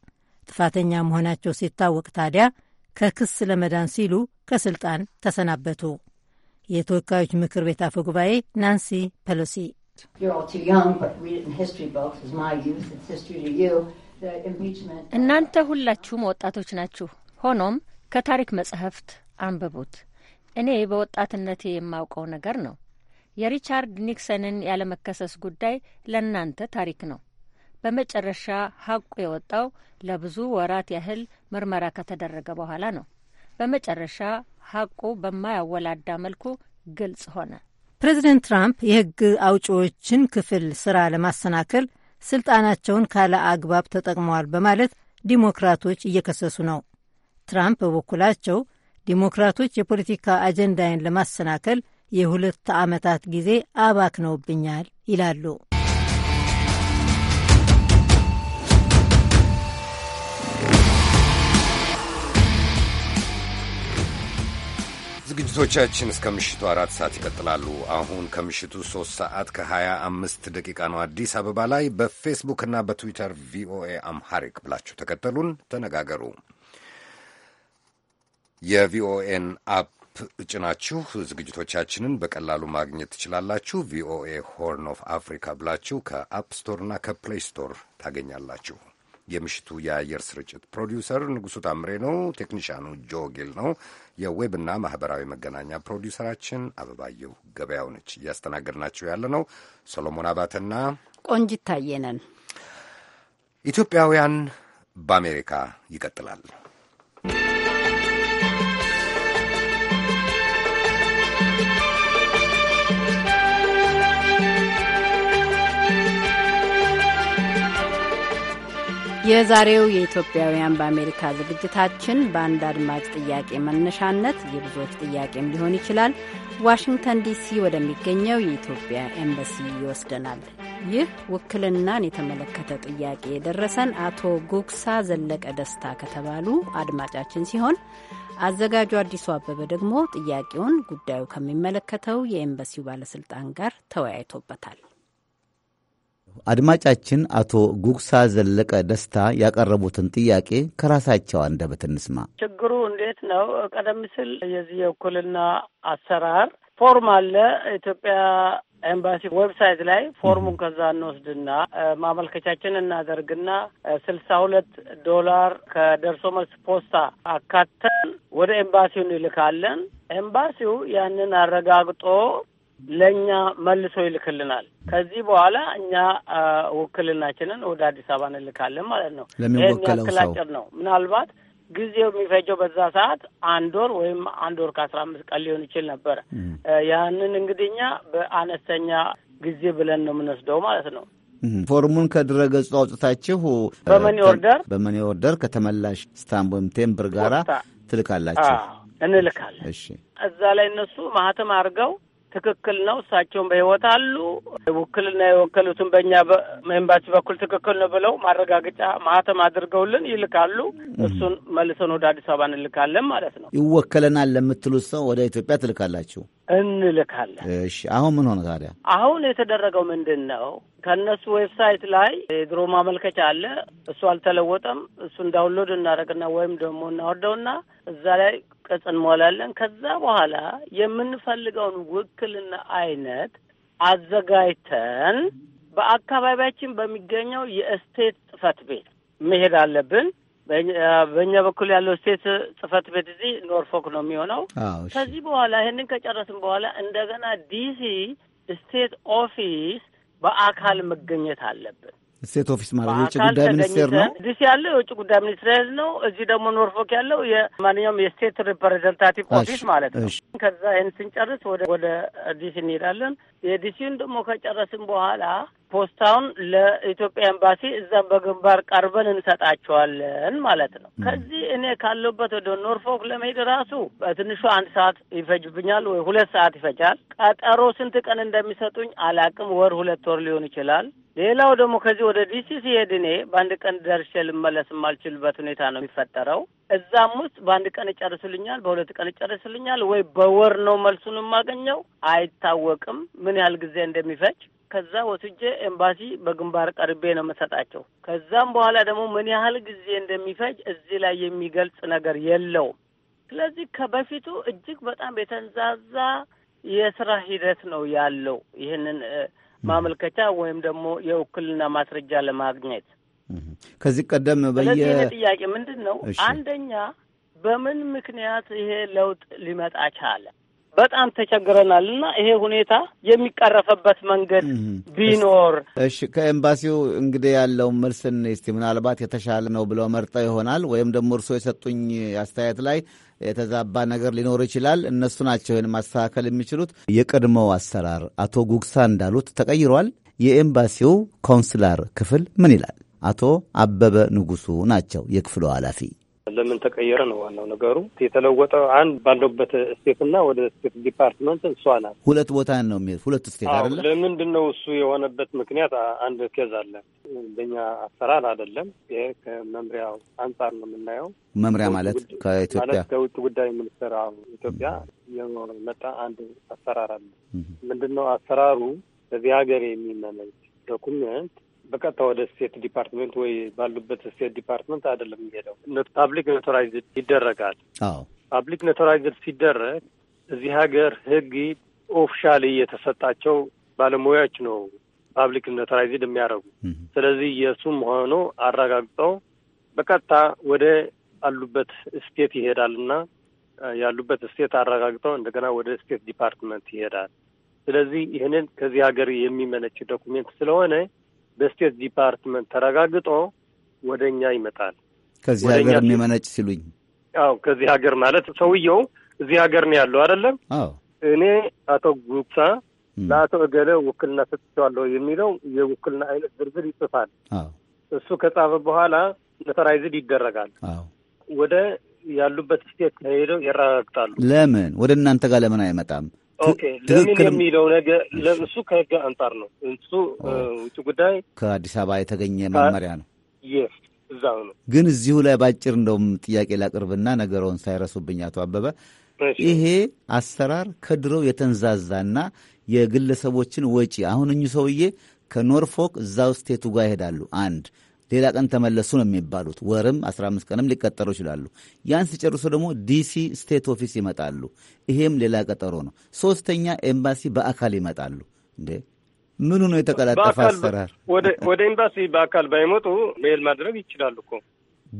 S9: ጥፋተኛ መሆናቸው ሲታወቅ ታዲያ ከክስ ለመዳን ሲሉ ከስልጣን ተሰናበቱ። የተወካዮች ምክር ቤት አፈ ጉባኤ ናንሲ ፔሎሲ እናንተ
S10: ሁላችሁም ወጣቶች ናችሁ። ሆኖም ከታሪክ መጽሕፍት አንብቡት። እኔ በወጣትነቴ የማውቀው ነገር ነው። የሪቻርድ ኒክሰንን ያለመከሰስ ጉዳይ ለእናንተ ታሪክ ነው። በመጨረሻ ሀቁ የወጣው ለብዙ ወራት ያህል ምርመራ ከተደረገ በኋላ ነው። በመጨረሻ ሀቁ በማያወላዳ መልኩ ግልጽ ሆነ።
S9: ፕሬዚደንት ትራምፕ የህግ አውጪዎችን ክፍል ስራ ለማሰናከል ስልጣናቸውን ካለ አግባብ ተጠቅመዋል በማለት ዲሞክራቶች እየከሰሱ ነው። ትራምፕ በበኩላቸው ዲሞክራቶች የፖለቲካ አጀንዳዬን ለማሰናከል የሁለት ዓመታት ጊዜ አባክነውብኛል ይላሉ።
S2: ዝግጅቶቻችን እስከ ምሽቱ አራት ሰዓት ይቀጥላሉ። አሁን ከምሽቱ ሶስት ሰዓት ከሀያ አምስት ደቂቃ ነው አዲስ አበባ ላይ። በፌስቡክ እና በትዊተር ቪኦኤ አምሃሪክ ብላችሁ ተከተሉን፣ ተነጋገሩ። የቪኦኤን አፕ ጭናችሁ ዝግጅቶቻችንን በቀላሉ ማግኘት ትችላላችሁ። ቪኦኤ ሆርን ኦፍ አፍሪካ ብላችሁ ከአፕ እና ከፕሌይ ስቶር ታገኛላችሁ። የምሽቱ የአየር ስርጭት ፕሮዲውሰር ንጉሱ ታምሬ ነው። ቴክኒሽያኑ ጆ ጌል ነው። የዌብና ማህበራዊ መገናኛ ፕሮዲውሰራችን አበባየሁ ገበያው ነች። እያስተናገድናችሁ ያለ ነው ሰሎሞን አባተና ቆንጂት ኢትዮጵያውያን በአሜሪካ ይቀጥላል።
S1: የዛሬው የኢትዮጵያውያን በአሜሪካ ዝግጅታችን በአንድ አድማጭ ጥያቄ መነሻነት የብዙዎች ጥያቄም ሊሆን ይችላል፣ ዋሽንግተን ዲሲ ወደሚገኘው የኢትዮጵያ ኤምባሲ ይወስደናል። ይህ ውክልናን የተመለከተ ጥያቄ የደረሰን አቶ ጉግሳ ዘለቀ ደስታ ከተባሉ አድማጫችን ሲሆን አዘጋጁ አዲሱ አበበ ደግሞ ጥያቄውን ጉዳዩ ከሚመለከተው የኤምባሲው ባለስልጣን ጋር ተወያይቶበታል።
S5: አድማጫችን አቶ ጉግሳ ዘለቀ ደስታ ያቀረቡትን ጥያቄ ከራሳቸው አንደበት እንስማ።
S12: ችግሩ እንዴት ነው? ቀደም ሲል የዚህ የኩልና አሰራር ፎርም አለ ኢትዮጵያ ኤምባሲ ዌብሳይት ላይ ፎርሙን ከዛ እንወስድና ማመልከቻችን እናደርግና ስልሳ ሁለት ዶላር ከደርሶ መልስ ፖስታ አካተን ወደ ኤምባሲው እንልካለን። ኤምባሲው ያንን አረጋግጦ ለእኛ መልሶ ይልክልናል። ከዚህ በኋላ እኛ ውክልናችንን ወደ አዲስ አበባ እንልካለን ማለት ነው። ይህን አጭር ነው። ምናልባት ጊዜው የሚፈጀው በዛ ሰዓት አንድ ወር ወይም አንድ ወር ከአስራ አምስት ቀን ሊሆን ይችል ነበረ። ያንን እንግዲህ እኛ በአነስተኛ ጊዜ ብለን ነው የምንወስደው ማለት ነው።
S5: ፎርሙን ከድረገጹ አውጥታችሁ በመኒ ኦርደር በመኒ ኦርደር ከተመላሽ ስታምፕ ወይም ቴምብር ጋራ ትልካላችሁ። እንልካለን።
S12: እዛ ላይ እነሱ ማህተም አድርገው ትክክል ነው። እሳቸውም በህይወት አሉ። ውክልና የወከሉትን በእኛ ኤምባሲ በኩል ትክክል ነው ብለው ማረጋገጫ ማህተም አድርገውልን ይልካሉ። እሱን መልሰን ወደ አዲስ አበባ እንልካለን ማለት
S5: ነው። ይወከለናል ለምትሉት ሰው ወደ ኢትዮጵያ ትልካላችሁ።
S12: እንልካለን።
S5: እሺ፣ አሁን ምን ሆነ ታዲያ?
S12: አሁን የተደረገው ምንድን ነው? ከእነሱ ዌብሳይት ላይ የድሮ ማመልከቻ አለ። እሱ አልተለወጠም። እሱ ዳውንሎድ እናደርግና ወይም ደግሞ እናወርደውና እዛ ላይ ቅጽ እንሞላለን። ከዛ በኋላ የምንፈልገውን ውክልና አይነት አዘጋጅተን በአካባቢያችን በሚገኘው የእስቴት ጽፈት ቤት መሄድ አለብን። በእኛ በኩል ያለው ስቴት ጽህፈት ቤት እዚህ ኖርፎክ ነው የሚሆነው። ከዚህ በኋላ ይህንን ከጨረስን በኋላ እንደገና ዲሲ ስቴት ኦፊስ በአካል መገኘት አለብን።
S5: ስቴት ኦፊስ ማለት የውጭ ጉዳይ ሚኒስቴር ነው።
S12: ዲሲ ያለው የውጭ ጉዳይ ሚኒስቴር ነው። እዚህ ደግሞ ኖርፎክ ያለው የማንኛውም የስቴት ሪፕሬዘንታቲቭ ኦፊስ ማለት ነው። ከዛ ይህን ስንጨርስ ወደ ዲሲ እንሄዳለን። የዲሲን ደግሞ ከጨረስን በኋላ ፖስታውን ለኢትዮጵያ ኤምባሲ እዛም በግንባር ቀርበን እንሰጣቸዋለን ማለት ነው። ከዚህ እኔ ካለበት ወደ ኖርፎክ ለመሄድ ራሱ በትንሹ አንድ ሰዓት ይፈጅብኛል ወይ ሁለት ሰዓት ይፈጃል። ቀጠሮ ስንት ቀን እንደሚሰጡኝ አላቅም። ወር ሁለት ወር ሊሆን ይችላል። ሌላው ደግሞ ከዚህ ወደ ዲሲ ሲሄድ እኔ በአንድ ቀን ደርሼ ልመለስ የማልችልበት ሁኔታ ነው የሚፈጠረው። እዛም ውስጥ በአንድ ቀን ይጨርስልኛል፣ በሁለት ቀን ይጨርስልኛል፣ ወይ በወር ነው መልሱን የማገኘው አይታወቅም፣ ምን ያህል ጊዜ እንደሚፈጅ። ከዛ ወስጄ ኤምባሲ በግንባር ቀርቤ ነው የምሰጣቸው። ከዛም በኋላ ደግሞ ምን ያህል ጊዜ እንደሚፈጅ እዚህ ላይ የሚገልጽ ነገር የለውም። ስለዚህ ከበፊቱ እጅግ በጣም የተንዛዛ የስራ ሂደት ነው ያለው ይህንን ማመልከቻ ወይም ደግሞ የውክልና ማስረጃ ለማግኘት
S5: ከዚህ ቀደም በየ
S12: ጥያቄ ምንድን ነው? አንደኛ በምን ምክንያት ይሄ ለውጥ ሊመጣ ቻለ? በጣም ተቸግረናል እና ይሄ ሁኔታ የሚቀረፈበት መንገድ
S5: ቢኖር። እሺ ከኤምባሲው እንግዲህ ያለው መልስን እስቲ ምናልባት የተሻለ ነው ብለው መርጠው ይሆናል ወይም ደግሞ እርስዎ የሰጡኝ አስተያየት ላይ የተዛባ ነገር ሊኖር ይችላል። እነሱ ናቸው ይህን ማስተካከል የሚችሉት። የቀድሞው አሰራር አቶ ጉግሳ እንዳሉት ተቀይሯል። የኤምባሲው ኮንስላር ክፍል ምን ይላል? አቶ አበበ ንጉሱ ናቸው የክፍሉ ኃላፊ።
S11: ለምን ተቀየረ ነው ዋናው ነገሩ። የተለወጠ አንድ ባለሁበት ስቴት እና ወደ ስቴት ዲፓርትመንት እሷ ናት።
S5: ሁለት ቦታ ነው የሚሄድ ሁለት ስቴት አለ።
S11: ለምንድን ነው እሱ የሆነበት ምክንያት አንድ ኬዝ አለ። በኛ አሰራር አይደለም ይሄ ከመምሪያው አንጻር ነው የምናየው።
S5: መምሪያ ማለት ከኢትዮጵያ ከውጭ
S11: ጉዳይ ሚኒስቴር ኢትዮጵያ የመጣ አንድ አሰራር አለ። ምንድን ነው አሰራሩ? በዚህ ሀገር የሚመነጭ ዶኩሜንት በቀጥታ ወደ ስቴት ዲፓርትመንት ወይ ባሉበት ስቴት ዲፓርትመንት አይደለም የሚሄደው። ፓብሊክ ኖቶራይዝድ ይደረጋል። አዎ ፓብሊክ ኖቶራይዝድ ሲደረግ እዚህ ሀገር ህግ ኦፊሻሊ የተሰጣቸው ባለሙያዎች ነው ፓብሊክ ኖቶራይዝድ የሚያደርጉ። ስለዚህ የእሱም ሆኖ አረጋግጠው በቀጥታ ወደ አሉበት ስቴት ይሄዳል እና ያሉበት ስቴት አረጋግጠው እንደገና ወደ ስቴት ዲፓርትመንት ይሄዳል። ስለዚህ ይህንን ከዚህ ሀገር የሚመነጭ ዶኩሜንት ስለሆነ በስቴት ዲፓርትመንት ተረጋግጦ ወደ እኛ ይመጣል።
S5: ከዚህ ሀገር የሚመነጭ ሲሉኝ፣
S11: አዎ ከዚህ ሀገር ማለት ሰውየው እዚህ ሀገር ነው ያለው አይደለም። አዎ እኔ አቶ ጉብሳ ለአቶ እገለ ውክልና ሰጥቼዋለሁ የሚለው የውክልና አይነት ዝርዝር ይጽፋል። እሱ ከጻፈ በኋላ ነተራይዝድ ይደረጋል። ወደ ያሉበት ስቴት ሄደው ይረጋግጣሉ።
S5: ለምን ወደ እናንተ ጋር ለምን አይመጣም?
S11: ኦኬ ለምን የሚለው ነገር እሱ ከህግ አንጻር ነው። እሱ ውጭ ጉዳይ
S5: ከአዲስ አበባ የተገኘ መመሪያ ነው። እዛው ነው። ግን እዚሁ ላይ ባጭር እንደውም ጥያቄ ላቅርብና ነገረውን ሳይረሱብኝ አቶ አበበ ይሄ አሰራር ከድሮው የተንዛዛና የግለሰቦችን ወጪ አሁን እኚህ ሰውዬ ከኖርፎክ እዛው ስቴቱ ጋር ይሄዳሉ። አንድ ሌላ ቀን ተመለሱ ነው የሚባሉት። ወርም 15 ቀንም ሊቀጠሩ ይችላሉ። ያን ሲጨርሱ ደግሞ ዲሲ ስቴት ኦፊስ ይመጣሉ። ይሄም ሌላ ቀጠሮ ነው። ሶስተኛ ኤምባሲ በአካል ይመጣሉ። እንዴ ምኑ ነው የተቀላጠፈ አሰራር?
S11: ወደ ኤምባሲ በአካል ባይመጡ ሜል ማድረግ ይችላሉ እኮ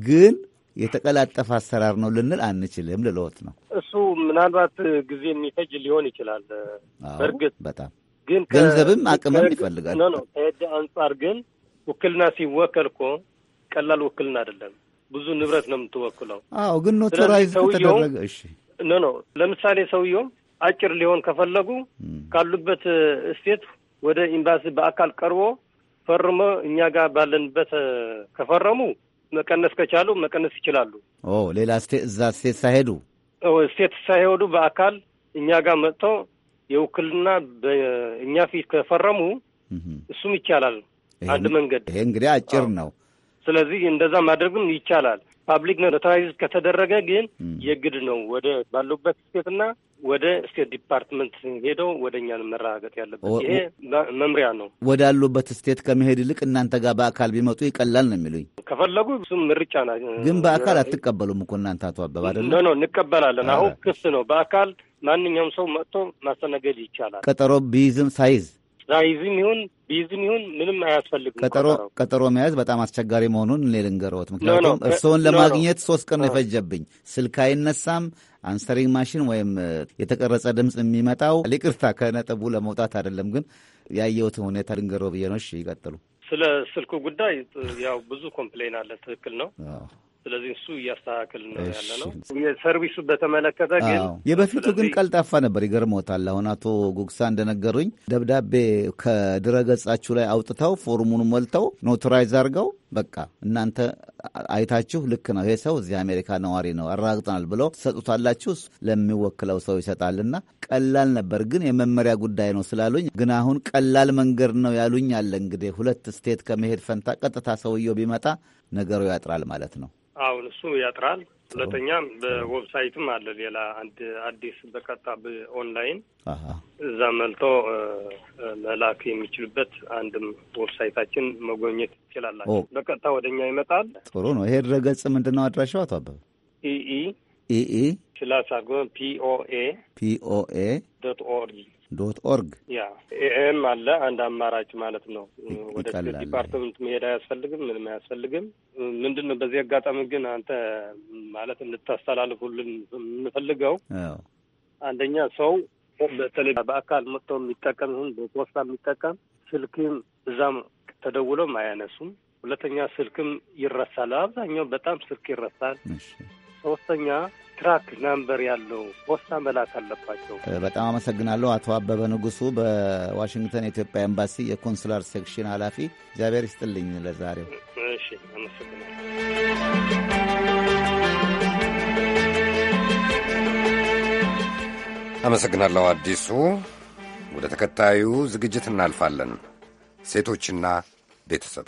S5: ግን የተቀላጠፈ አሰራር ነው ልንል አንችልም። ልለወት ነው
S11: እሱ ምናልባት ጊዜ የሚፈጅ ሊሆን ይችላል። በእርግጥ በጣም ግን ገንዘብም
S5: አቅምም ይፈልጋል። ኖ ኖ
S11: ከሄደ አንጻር ግን ውክልና ሲወከል እኮ ቀላል ውክልና አይደለም። ብዙ ንብረት ነው የምትወክለው። አዎ፣ ግን ኖተራይዝ ተደረገ። እሺ፣ ኖ ኖ። ለምሳሌ ሰውየው አጭር ሊሆን ከፈለጉ ካሉበት እስቴት ወደ ኤምባሲ በአካል ቀርቦ ፈርሞ እኛ ጋር ባለንበት ከፈረሙ መቀነስ ከቻሉ መቀነስ ይችላሉ።
S5: ኦ ሌላ እዛ ስቴት ሳይሄዱ
S11: ስቴት ሳይሄዱ በአካል እኛ ጋር መጥተው የውክልና እኛ ፊት ከፈረሙ እሱም ይቻላል። አንድ መንገድ።
S5: ይሄ እንግዲህ አጭር ነው።
S11: ስለዚህ እንደዛ ማድረግም ይቻላል። ፓብሊክ ኖታራይዝ ከተደረገ ግን የግድ ነው ወደ ባሉበት ስቴትና ወደ ስቴት ዲፓርትመንት ሄደው ወደ እኛን መረጋገጥ ያለበት ይሄ መምሪያ ነው።
S5: ወዳሉበት ስቴት ከመሄድ ይልቅ እናንተ ጋር በአካል ቢመጡ ይቀላል ነው የሚሉኝ።
S11: ከፈለጉ እሱም ምርጫ ና ግን በአካል
S5: አትቀበሉም እኮ እናንተ አቶ አበባ አይደለም? ኖ
S11: እንቀበላለን። አሁን ክስ ነው። በአካል ማንኛውም ሰው መጥቶ ማስተናገድ ይቻላል።
S5: ቀጠሮ ቢይዝም ሳይዝ
S11: ራይዝም ይሁን ቢዝም ይሁን ምንም አያስፈልግም። ቀጠሮ
S5: ቀጠሮ መያዝ በጣም አስቸጋሪ መሆኑን እኔ ልንገርዎት። ምክንያቱም እርስዎን ለማግኘት ሶስት ቀን ነው የፈጀብኝ። ስልክ አይነሳም፣ አንስተሪንግ ማሽን ወይም የተቀረጸ ድምፅ የሚመጣው ይቅርታ፣ ከነጥቡ ለመውጣት አይደለም ግን ያየሁትን ሁኔታ ልንገርዎ ብዬ ነው። እሺ ይቀጥሉ።
S11: ስለ ስልኩ ጉዳይ ያው ብዙ ኮምፕሌን አለ። ትክክል ነው። ስለዚህ እሱ እያስተካከል ነው ያለ ነው። የሰርቪሱ በተመለከተ ግን
S5: የበፊቱ ግን ቀልጣፋ ነበር። ይገርሞታል። አሁን አቶ ጉግሳ እንደነገሩኝ ደብዳቤ ከድረገጻችሁ ላይ አውጥተው ፎርሙን ሞልተው ኖትራይዝ አርገው በቃ እናንተ አይታችሁ ልክ ነው ይሄ ሰው እዚህ አሜሪካ ነዋሪ ነው አረጋግጠናል ብሎ ትሰጡታላችሁ። ለሚወክለው ሰው ይሰጣልና ቀላል ነበር፣ ግን የመመሪያ ጉዳይ ነው ስላሉኝ፣ ግን አሁን ቀላል መንገድ ነው ያሉኝ አለ። እንግዲህ ሁለት ስቴት ከመሄድ ፈንታ ቀጥታ ሰውየው ቢመጣ ነገሩ ያጥራል ማለት ነው።
S11: አሁን እሱ ያጥራል። ሁለተኛ በዌብሳይትም አለ ሌላ አንድ አዲስ በቀጥታ በኦንላይን እዛ መልቶ መላክ የሚችሉበት አንድም ዌብሳይታችን መጎብኘት ይችላላቸው። በቀጥታ ወደኛ ይመጣል።
S5: ጥሩ ነው። ይሄ ድረገጽ ምንድን ነው አድራሻው? አቶ አበበ ኢኢ ኢኢ
S11: ፒኦኤ ፒኦኤ ዶት ኦርግ ዶት ኦርግ ያ ኤም አለ አንድ አማራጭ ማለት ነው። ወደ ዲፓርትመንት መሄድ አያስፈልግም፣ ምንም አያስፈልግም። ምንድን ነው በዚህ አጋጣሚ ግን አንተ ማለት እንድታስተላልፉልን የምንፈልገው አንደኛ ሰው በተለይ በአካል መጥቶ የሚጠቀም ይሁን በፖስታ የሚጠቀም ስልክም እዛም ተደውሎም አያነሱም። ሁለተኛ ስልክም ይረሳል። አብዛኛው በጣም ስልክ ይረሳል። ሶስተኛ ትራክ ናምበር ያለው ፖስታ መላክ አለባቸው።
S5: በጣም አመሰግናለሁ አቶ አበበ ንጉሱ በዋሽንግተን የኢትዮጵያ ኤምባሲ የኮንስላር ሴክሽን ኃላፊ። እግዚአብሔር ይስጥልኝ ለዛሬው።
S11: እሺ አመሰግናለሁ።
S2: አመሰግናለሁ አዲሱ። ወደ ተከታዩ ዝግጅት እናልፋለን። ሴቶችና ቤተሰብ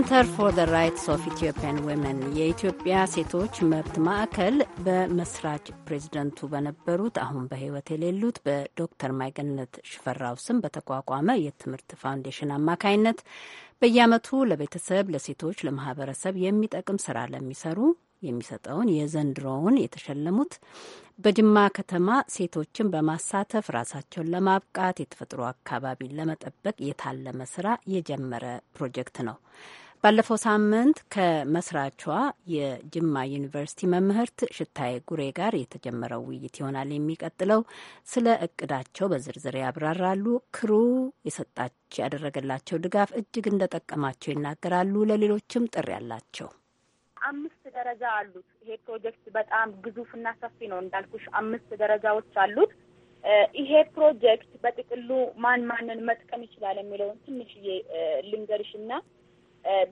S1: ሴንተር ፎር ዘ ራይትስ ኦፍ ኢትዮጵያን ወመን የኢትዮጵያ ሴቶች መብት ማዕከል በመስራች ፕሬዚደንቱ በነበሩት አሁን በሕይወት የሌሉት በዶክተር ማይገነት ሽፈራው ስም በተቋቋመ የትምህርት ፋውንዴሽን አማካይነት በየዓመቱ ለቤተሰብ፣ ለሴቶች፣ ለማህበረሰብ የሚጠቅም ስራ ለሚሰሩ የሚሰጠውን የዘንድሮውን የተሸለሙት በጅማ ከተማ ሴቶችን በማሳተፍ ራሳቸውን ለማብቃት የተፈጥሮ አካባቢን ለመጠበቅ የታለመ ስራ የጀመረ ፕሮጀክት ነው። ባለፈው ሳምንት ከመስራቿ የጅማ ዩኒቨርሲቲ መምህርት ሽታዬ ጉሬ ጋር የተጀመረው ውይይት ይሆናል የሚቀጥለው። ስለ እቅዳቸው በዝርዝር ያብራራሉ። ክሩ የሰጣች ያደረገላቸው ድጋፍ እጅግ እንደጠቀማቸው ይናገራሉ። ለሌሎችም ጥሪ አላቸው።
S13: አምስት ደረጃ አሉት። ይሄ ፕሮጀክት በጣም ግዙፍና ሰፊ ነው። እንዳልኩሽ አምስት ደረጃዎች አሉት። ይሄ ፕሮጀክት በጥቅሉ ማን ማንን መጥቀም ይችላል የሚለውን ትንሽዬ ልንገርሽና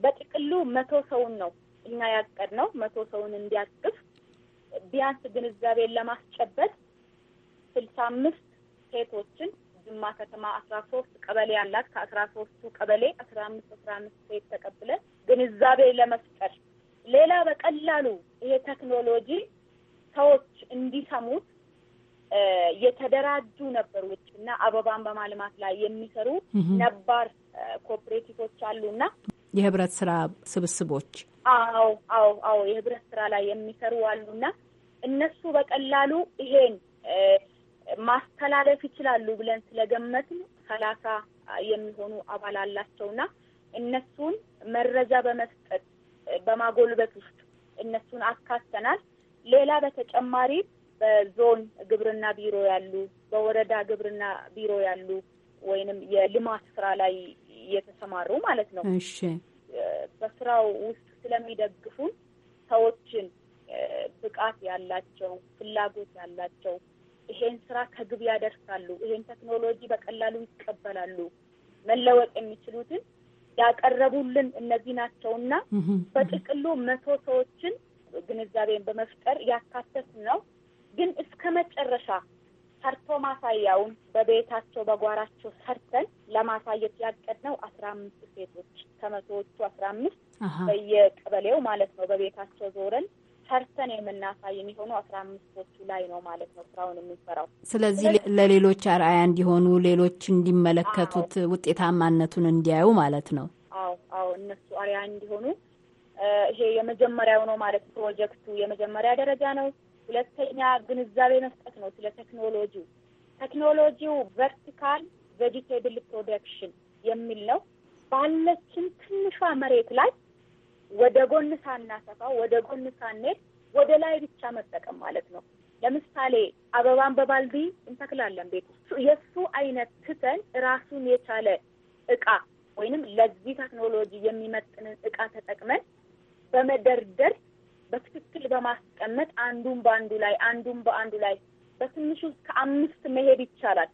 S13: በጥቅሉ መቶ ሰውን ነው እኛ ያቀድ ነው መቶ ሰውን እንዲያቅፍ ቢያንስ ግንዛቤን ለማስጨበጥ ስልሳ አምስት ሴቶችን ጅማ ከተማ አስራ ሶስት ቀበሌ ያላት ከአስራ ሶስቱ ቀበሌ አስራ አምስት አስራ አምስት ሴት ተቀብለ ግንዛቤ ለመፍጠር ሌላ በቀላሉ ይሄ ቴክኖሎጂ ሰዎች እንዲሰሙት የተደራጁ ነበር። እና አበባን በማልማት ላይ የሚሰሩ ነባር ኮኦፕሬቲቮች አሉና
S7: የህብረት ስራ ስብስቦች?
S13: አዎ አዎ አዎ የህብረት ስራ ላይ የሚሰሩ አሉና እነሱ በቀላሉ ይሄን ማስተላለፍ ይችላሉ ብለን ስለገመትን ሰላሳ የሚሆኑ አባል አላቸውና እነሱን መረጃ በመስጠት በማጎልበት ውስጥ እነሱን አካተናል። ሌላ በተጨማሪ በዞን ግብርና ቢሮ ያሉ፣ በወረዳ ግብርና ቢሮ ያሉ ወይንም የልማት ስራ ላይ እየተሰማሩ ማለት ነው። በስራው ውስጥ ስለሚደግፉን ሰዎችን ብቃት ያላቸው፣ ፍላጎት ያላቸው ይሄን ስራ ከግብ ያደርሳሉ፣ ይሄን ቴክኖሎጂ በቀላሉ ይቀበላሉ፣ መለወጥ የሚችሉትን ያቀረቡልን እነዚህ ናቸውና በጥቅሉ መቶ ሰዎችን ግንዛቤን በመፍጠር ያካተት ነው። ግን እስከ መጨረሻ ሰርቶ ማሳያውን በቤታቸው በጓራቸው ሰርተን ለማሳየት ያቀድነው አስራ አምስት ሴቶች ከመቶዎቹ አስራ አምስት በየቀበሌው ማለት ነው በቤታቸው ዞረን ሰርተን የምናሳይ የሚሆኑ አስራ አምስቶቹ ላይ ነው ማለት ነው ስራውን የምንሰራው። ስለዚህ ለሌሎች
S1: አርአያ እንዲሆኑ ሌሎች እንዲመለከቱት ውጤታማነቱን እንዲያዩ ማለት ነው።
S13: አዎ አዎ፣ እነሱ አርአያ እንዲሆኑ ይሄ የመጀመሪያው ነው ማለት ፕሮጀክቱ የመጀመሪያ ደረጃ ነው። ሁለተኛ ግንዛቤ መስጠት ነው ስለ ቴክኖሎጂው። ቴክኖሎጂው ቨርቲካል ቬጂቴብል ፕሮደክሽን የሚል ነው። ባለችን ትንሿ መሬት ላይ ወደ ጎን ሳናሰፋው ወደ ጎን ሳንሄድ ወደ ላይ ብቻ መጠቀም ማለት ነው። ለምሳሌ አበባን በባልዲ እንተክላለን ቤት ውስጥ የእሱ አይነት ትተን ራሱን የቻለ እቃ ወይንም ለዚህ ቴክኖሎጂ የሚመጥንን እቃ ተጠቅመን በመደርደር በትክክል በማስቀመጥ አንዱን በአንዱ ላይ አንዱን በአንዱ ላይ በትንሹ እስከ አምስት መሄድ ይቻላል።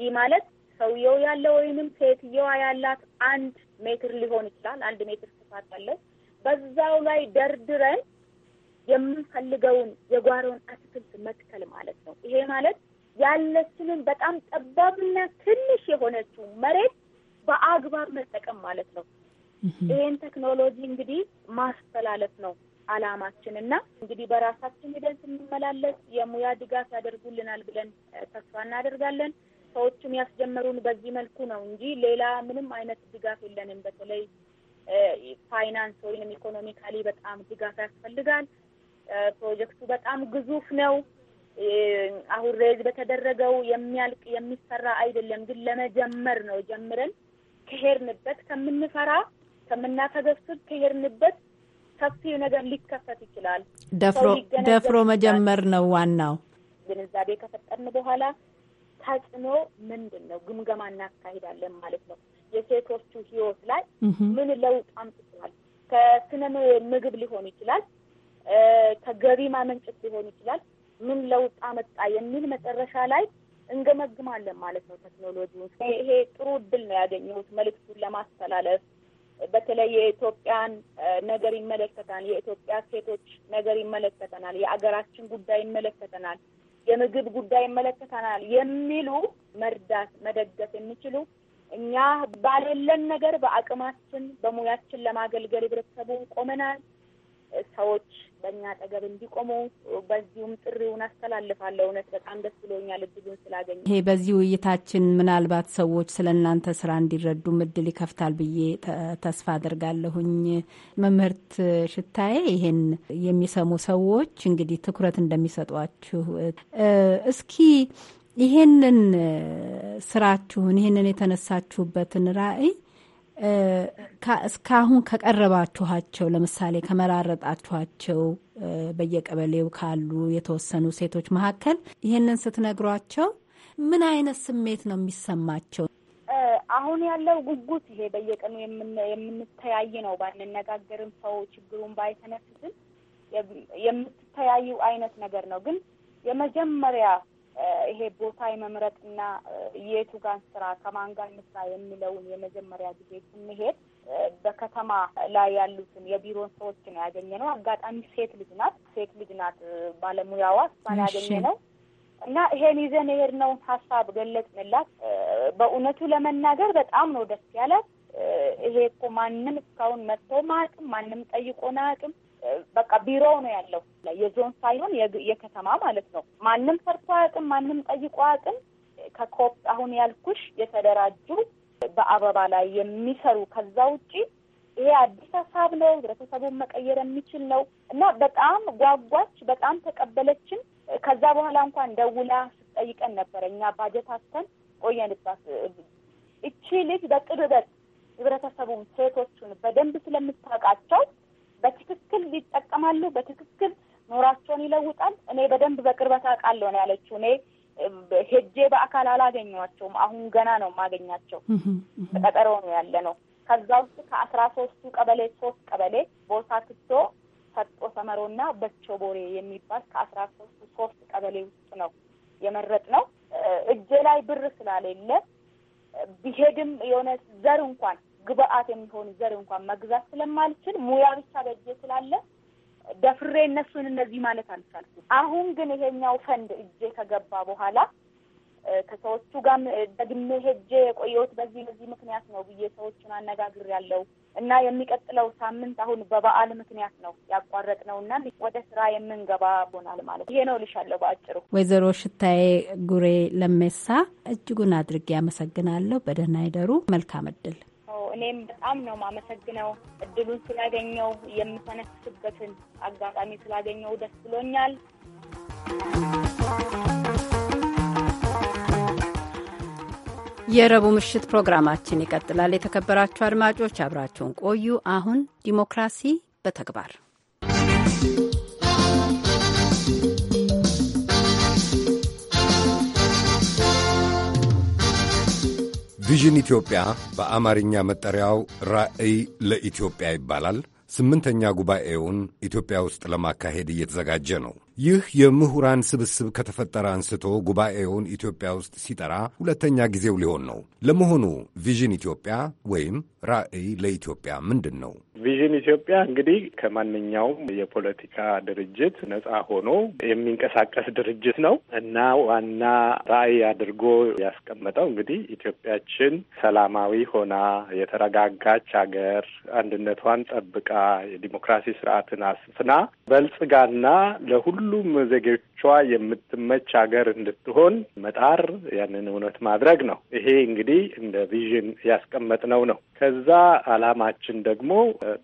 S13: ይህ ማለት ሰውየው ያለ ወይንም ሴትየዋ ያላት አንድ ሜትር ሊሆን ይችላል። አንድ ሜትር ስፋት አለው። በዛው ላይ ደርድረን የምንፈልገውን የጓሮን አትክልት መትከል ማለት ነው። ይሄ ማለት ያለችንን በጣም ጠባብና ትንሽ የሆነችው መሬት በአግባብ መጠቀም ማለት ነው። ይሄን ቴክኖሎጂ እንግዲህ ማስተላለፍ ነው አላማችን እና እንግዲህ በራሳችን ሂደን ስንመላለስ የሙያ ድጋፍ ያደርጉልናል ብለን ተስፋ እናደርጋለን። ሰዎቹም ያስጀመሩን በዚህ መልኩ ነው እንጂ ሌላ ምንም አይነት ድጋፍ የለንም። በተለይ ፋይናንስ ወይንም ኢኮኖሚካሊ በጣም ድጋፍ ያስፈልጋል። ፕሮጀክቱ በጣም ግዙፍ ነው። አሁን ሬዝ በተደረገው የሚያልቅ የሚሰራ አይደለም፣ ግን ለመጀመር ነው። ጀምረን ከሄድንበት ከምንፈራ ከምናተገፍግ ከሄድንበት ሰፊ ነገር ሊከፈት ይችላል። ደፍሮ ደፍሮ መጀመር ነው ዋናው። ግንዛቤ ከፈጠርን በኋላ ተጽዕኖ ምንድን ነው ግምገማ እናካሂዳለን ማለት ነው። የሴቶቹ ህይወት ላይ ምን ለውጥ አምጥቷል? ከስነ ምግብ ሊሆን ይችላል፣ ከገቢ ማመንጨት ሊሆን ይችላል። ምን ለውጥ አመጣ የሚል መጨረሻ ላይ እንገመግማለን ማለት ነው። ቴክኖሎጂውን ይሄ ጥሩ እድል ነው ያገኘሁት መልእክቱን ለማስተላለፍ በተለይ የኢትዮጵያን ነገር ይመለከተናል። የኢትዮጵያ ሴቶች ነገር ይመለከተናል። የአገራችን ጉዳይ ይመለከተናል። የምግብ ጉዳይ ይመለከተናል የሚሉ መርዳት፣ መደገፍ የሚችሉ እኛ ባሌለን ነገር በአቅማችን በሙያችን ለማገልገል ህብረተሰቡን ቆመናል። ሰዎች በእኛ አጠገብ እንዲቆሙ በዚሁም ጥሪውን አስተላልፋለሁ። እውነት በጣም ደስ ብሎኛል እድሉን ስላገኘ። ይሄ
S1: በዚህ ውይይታችን ምናልባት ሰዎች ስለ እናንተ ስራ እንዲረዱ እድል ይከፍታል ብዬ ተስፋ አድርጋለሁኝ። መምህርት ሽታዬ ይሄን የሚሰሙ ሰዎች እንግዲህ ትኩረት እንደሚሰጧችሁ እስኪ ይሄንን ስራችሁን ይሄንን የተነሳችሁበትን ራዕይ እስካሁን ከቀረባችኋቸው ለምሳሌ ከመራረጣችኋቸው በየቀበሌው ካሉ የተወሰኑ ሴቶች መካከል ይህንን ስትነግሯቸው ምን አይነት ስሜት ነው የሚሰማቸው?
S13: አሁን ያለው ጉጉት ይሄ በየቀኑ የምንተያይ ነው። ባንነጋገርም ሰው ችግሩን ባይተነፍስም የምትተያዩ አይነት ነገር ነው። ግን የመጀመሪያ ይሄ ቦታ የመምረጥና የቱ ጋን ስራ ከማን ጋር እንስራ የሚለውን የመጀመሪያ ጊዜ ስንሄድ በከተማ ላይ ያሉትን የቢሮን ሰዎች ነው ያገኘ ነው። አጋጣሚ ሴት ልጅ ናት ሴት ልጅ ናት ባለሙያዋ እሷን ያገኘ ነው እና ይሄን ይዘን የሄድነውን ሀሳብ ገለጽንላት። በእውነቱ ለመናገር በጣም ነው ደስ ያላት። ይሄ እኮ ማንም እስካሁን መጥቶም አያውቅም፣ ማንም ጠይቆን አያውቅም። በቃ ቢሮ ነው ያለው የዞን ሳይሆን የከተማ ማለት ነው። ማንም ሰርቶ አያውቅም። ማንም ጠይቆ አያውቅም። ከኮፕ አሁን ያልኩሽ የተደራጁ በአበባ ላይ የሚሰሩ ከዛ ውጪ ይሄ አዲስ ሀሳብ ነው፣ ህብረተሰቡን መቀየር የሚችል ነው እና በጣም ጓጓች፣ በጣም ተቀበለችን። ከዛ በኋላ እንኳን ደውላ ስትጠይቀን ነበረ። እኛ ባጀት አስተን ቆየንባት። እቺ ልጅ በቅርበት ህብረተሰቡን ሴቶቹን በደንብ ስለምታውቃቸው በትክክል ይጠቀማሉ፣ በትክክል ኑሯቸውን ይለውጣል። እኔ በደንብ በቅርበት አውቃለሁ ነው ያለችው። እኔ ሄጄ በአካል አላገኘኋቸውም። አሁን ገና ነው የማገኛቸው።
S5: ቀጠሮ ነው ያለ
S13: ነው። ከዛ ውስጥ ከአስራ ሶስቱ ቀበሌ ሶስት ቀበሌ ቦሳ ክቶ፣ ሰጦ ሰመሮ እና በቾ ቦሬ የሚባል ከአስራ ሶስቱ ሶስት ቀበሌ ውስጥ ነው የመረጥ ነው። እጄ ላይ ብር ስላሌለ ቢሄድም የሆነ ዘር እንኳን ግብአት የሚሆን ዘር እንኳን መግዛት ስለማልችል ሙያ ብቻ በእጄ ስላለ ደፍሬ እነሱን እነዚህ ማለት አልቻልኩም። አሁን ግን ይሄኛው ፈንድ እጄ ከገባ በኋላ ከሰዎቹ ጋር ደግሜ ሄጄ የቆየሁት በዚህ በዚህ ምክንያት ነው ብዬ ሰዎቹን አነጋግር ያለው እና የሚቀጥለው ሳምንት አሁን በበዓል ምክንያት ነው ነው እና ወደ ስራ የምንገባ ሆናል ማለት ይሄ ነው ልሻለሁ በአጭሩ።
S1: ወይዘሮ ሽታዬ ጉሬ ለሜሳ እጅጉን አድርጌ አመሰግናለሁ። በደህና ይደሩ። መልካም እድል
S13: እኔም በጣም ነው ማመሰግነው። እድሉን ስላገኘው የምተነፍስበትን አጋጣሚ ስላገኘው ደስ ብሎኛል።
S1: የረቡዕ ምሽት ፕሮግራማችን ይቀጥላል። የተከበራችሁ አድማጮች አብራችሁን ቆዩ። አሁን ዲሞክራሲ በተግባር
S2: ቪዥን ኢትዮጵያ በአማርኛ መጠሪያው ራዕይ ለኢትዮጵያ ይባላል። ስምንተኛ ጉባኤውን ኢትዮጵያ ውስጥ ለማካሄድ እየተዘጋጀ ነው። ይህ የምሁራን ስብስብ ከተፈጠረ አንስቶ ጉባኤውን ኢትዮጵያ ውስጥ ሲጠራ ሁለተኛ ጊዜው ሊሆን ነው። ለመሆኑ ቪዥን ኢትዮጵያ ወይም ራዕይ ለኢትዮጵያ ምንድን ነው?
S14: ቪዥን ኢትዮጵያ እንግዲህ ከማንኛውም የፖለቲካ ድርጅት ነፃ ሆኖ የሚንቀሳቀስ ድርጅት ነው እና ዋና ራዕይ አድርጎ ያስቀመጠው እንግዲህ ኢትዮጵያችን ሰላማዊ ሆና የተረጋጋች ሀገር አንድነቷን ጠብቃ የዲሞክራሲ ስርዓትን አስፍና በልጽጋና ለሁሉ ለሁሉም ዜጎቿ የምትመች ሀገር እንድትሆን መጣር ያንን እውነት ማድረግ ነው። ይሄ እንግዲህ እንደ ቪዥን ያስቀመጥነው ነው። ከዛ አላማችን ደግሞ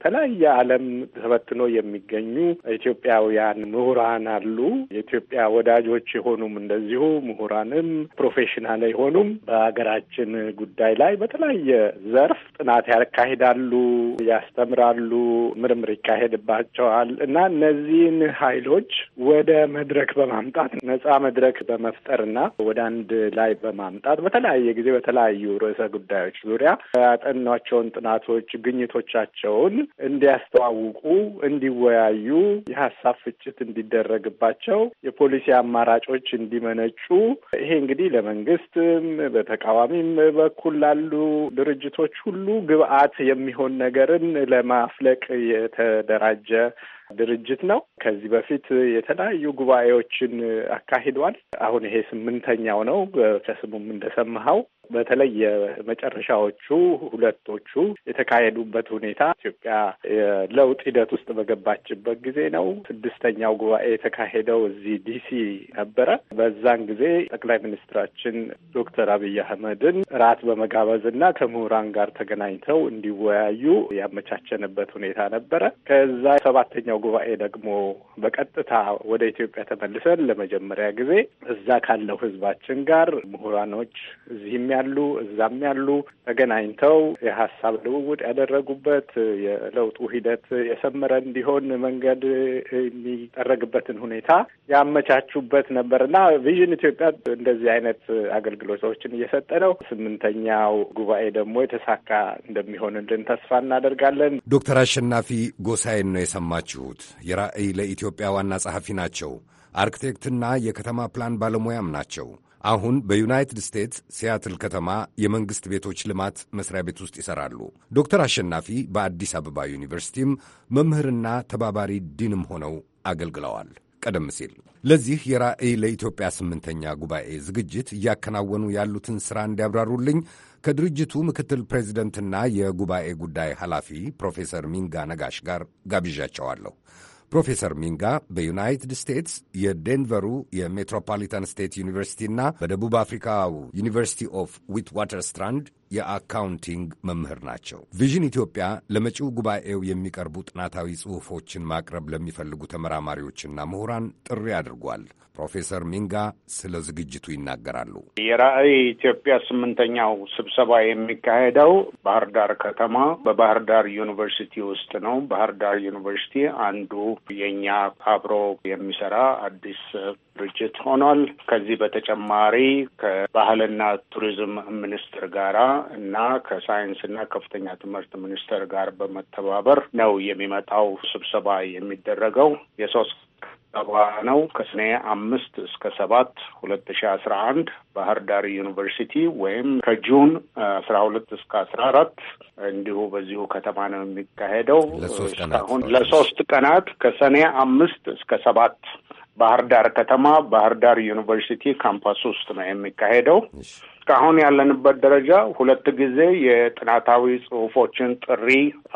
S14: ተለያየ ዓለም ተበትኖ የሚገኙ ኢትዮጵያውያን ምሁራን አሉ። የኢትዮጵያ ወዳጆች የሆኑም እንደዚሁ ምሁራንም ፕሮፌሽናል የሆኑም በሀገራችን ጉዳይ ላይ በተለያየ ዘርፍ ጥናት ያካሂዳሉ፣ ያስተምራሉ፣ ምርምር ይካሄድባቸዋል እና እነዚህን ኃይሎች ወደ መድረክ በማምጣት ነጻ መድረክ በመፍጠርና ወደ አንድ ላይ በማምጣት በተለያየ ጊዜ በተለያዩ ርዕሰ ጉዳዮች ዙሪያ ያጠኗቸውን ጥናቶች፣ ግኝቶቻቸውን እንዲያስተዋውቁ፣ እንዲወያዩ፣ የሀሳብ ፍጭት እንዲደረግባቸው፣ የፖሊሲ አማራጮች እንዲመነጩ ይሄ እንግዲህ ለመንግስትም በተቃዋሚም በኩል ላሉ ድርጅቶች ሁሉ ግብአት የሚሆን ነገርን ለማፍለቅ የተደራጀ ድርጅት ነው። ከዚህ በፊት የተለያዩ ጉባኤዎችን አካሂዷል። አሁን ይሄ ስምንተኛው ነው። ከስሙም እንደሰማኸው በተለይ የመጨረሻዎቹ ሁለቶቹ የተካሄዱበት ሁኔታ ኢትዮጵያ የለውጥ ሂደት ውስጥ በገባችበት ጊዜ ነው። ስድስተኛው ጉባኤ የተካሄደው እዚህ ዲሲ ነበረ። በዛን ጊዜ ጠቅላይ ሚኒስትራችን ዶክተር አብይ አህመድን ራት በመጋበዝ እና ከምሁራን ጋር ተገናኝተው እንዲወያዩ ያመቻቸንበት ሁኔታ ነበረ። ከዛ ሰባተኛው ጉባኤ ደግሞ በቀጥታ ወደ ኢትዮጵያ ተመልሰን ለመጀመሪያ ጊዜ እዛ ካለው ህዝባችን ጋር ምሁራኖች እዚህም ያሉ እዛም ያሉ ተገናኝተው የሀሳብ ልውውጥ ያደረጉበት የለውጡ ሂደት የሰመረ እንዲሆን መንገድ የሚጠረግበትን ሁኔታ ያመቻቹበት ነበር እና ቪዥን ኢትዮጵያ እንደዚህ አይነት አገልግሎቶችን እየሰጠ ነው። ስምንተኛው ጉባኤ ደግሞ የተሳካ እንደሚሆንልን ተስፋ እናደርጋለን።
S2: ዶክተር አሸናፊ ጎሳይን ነው የሰማችሁት። የራዕይ ለኢትዮጵያ ዋና ጸሐፊ ናቸው። አርክቴክትና የከተማ ፕላን ባለሙያም ናቸው። አሁን በዩናይትድ ስቴትስ ሲያትል ከተማ የመንግሥት ቤቶች ልማት መስሪያ ቤት ውስጥ ይሠራሉ። ዶክተር አሸናፊ በአዲስ አበባ ዩኒቨርሲቲም መምህርና ተባባሪ ዲንም ሆነው አገልግለዋል። ቀደም ሲል ለዚህ የራዕይ ለኢትዮጵያ ስምንተኛ ጉባኤ ዝግጅት እያከናወኑ ያሉትን ሥራ እንዲያብራሩልኝ ከድርጅቱ ምክትል ፕሬዚደንትና የጉባኤ ጉዳይ ኃላፊ ፕሮፌሰር ሚንጋ ነጋሽ ጋር ጋብዣቸዋለሁ። ፕሮፌሰር ሚንጋ በዩናይትድ ስቴትስ የዴንቨሩ የሜትሮፖሊታን ስቴት ዩኒቨርሲቲና በደቡብ አፍሪካው ዩኒቨርሲቲ ኦፍ ዊት ዋተር ስትራንድ የአካውንቲንግ መምህር ናቸው። ቪዥን ኢትዮጵያ ለመጪው ጉባኤው የሚቀርቡ ጥናታዊ ጽሑፎችን ማቅረብ ለሚፈልጉ ተመራማሪዎችና ምሁራን ጥሪ አድርጓል። ፕሮፌሰር ሚንጋ ስለ ዝግጅቱ ይናገራሉ።
S6: የራዕይ ኢትዮጵያ ስምንተኛው ስብሰባ የሚካሄደው ባህር ዳር ከተማ በባህር ዳር ዩኒቨርሲቲ ውስጥ ነው። ባህር ዳር ዩኒቨርሲቲ አንዱ የእኛ አብሮ የሚሰራ አዲስ ድርጅት ሆኗል። ከዚህ በተጨማሪ ከባህልና ቱሪዝም ሚኒስቴር ጋራ እና ከሳይንስና ከፍተኛ ትምህርት ሚኒስቴር ጋር በመተባበር ነው የሚመጣው ስብሰባ የሚደረገው የሶስት ሰባ ነው። ከሰኔ አምስት እስከ ሰባት ሁለት ሺ አስራ አንድ ባህር ዳር ዩኒቨርሲቲ ወይም ከጁን አስራ ሁለት እስከ አስራ አራት እንዲሁ በዚሁ ከተማ ነው የሚካሄደው። እስካሁን ለሶስት ቀናት ከሰኔ አምስት እስከ ሰባት ባህር ዳር ከተማ ባህር ዳር ዩኒቨርሲቲ ካምፓስ ውስጥ ነው የሚካሄደው። እስካሁን ያለንበት ደረጃ ሁለት ጊዜ የጥናታዊ ጽሁፎችን ጥሪ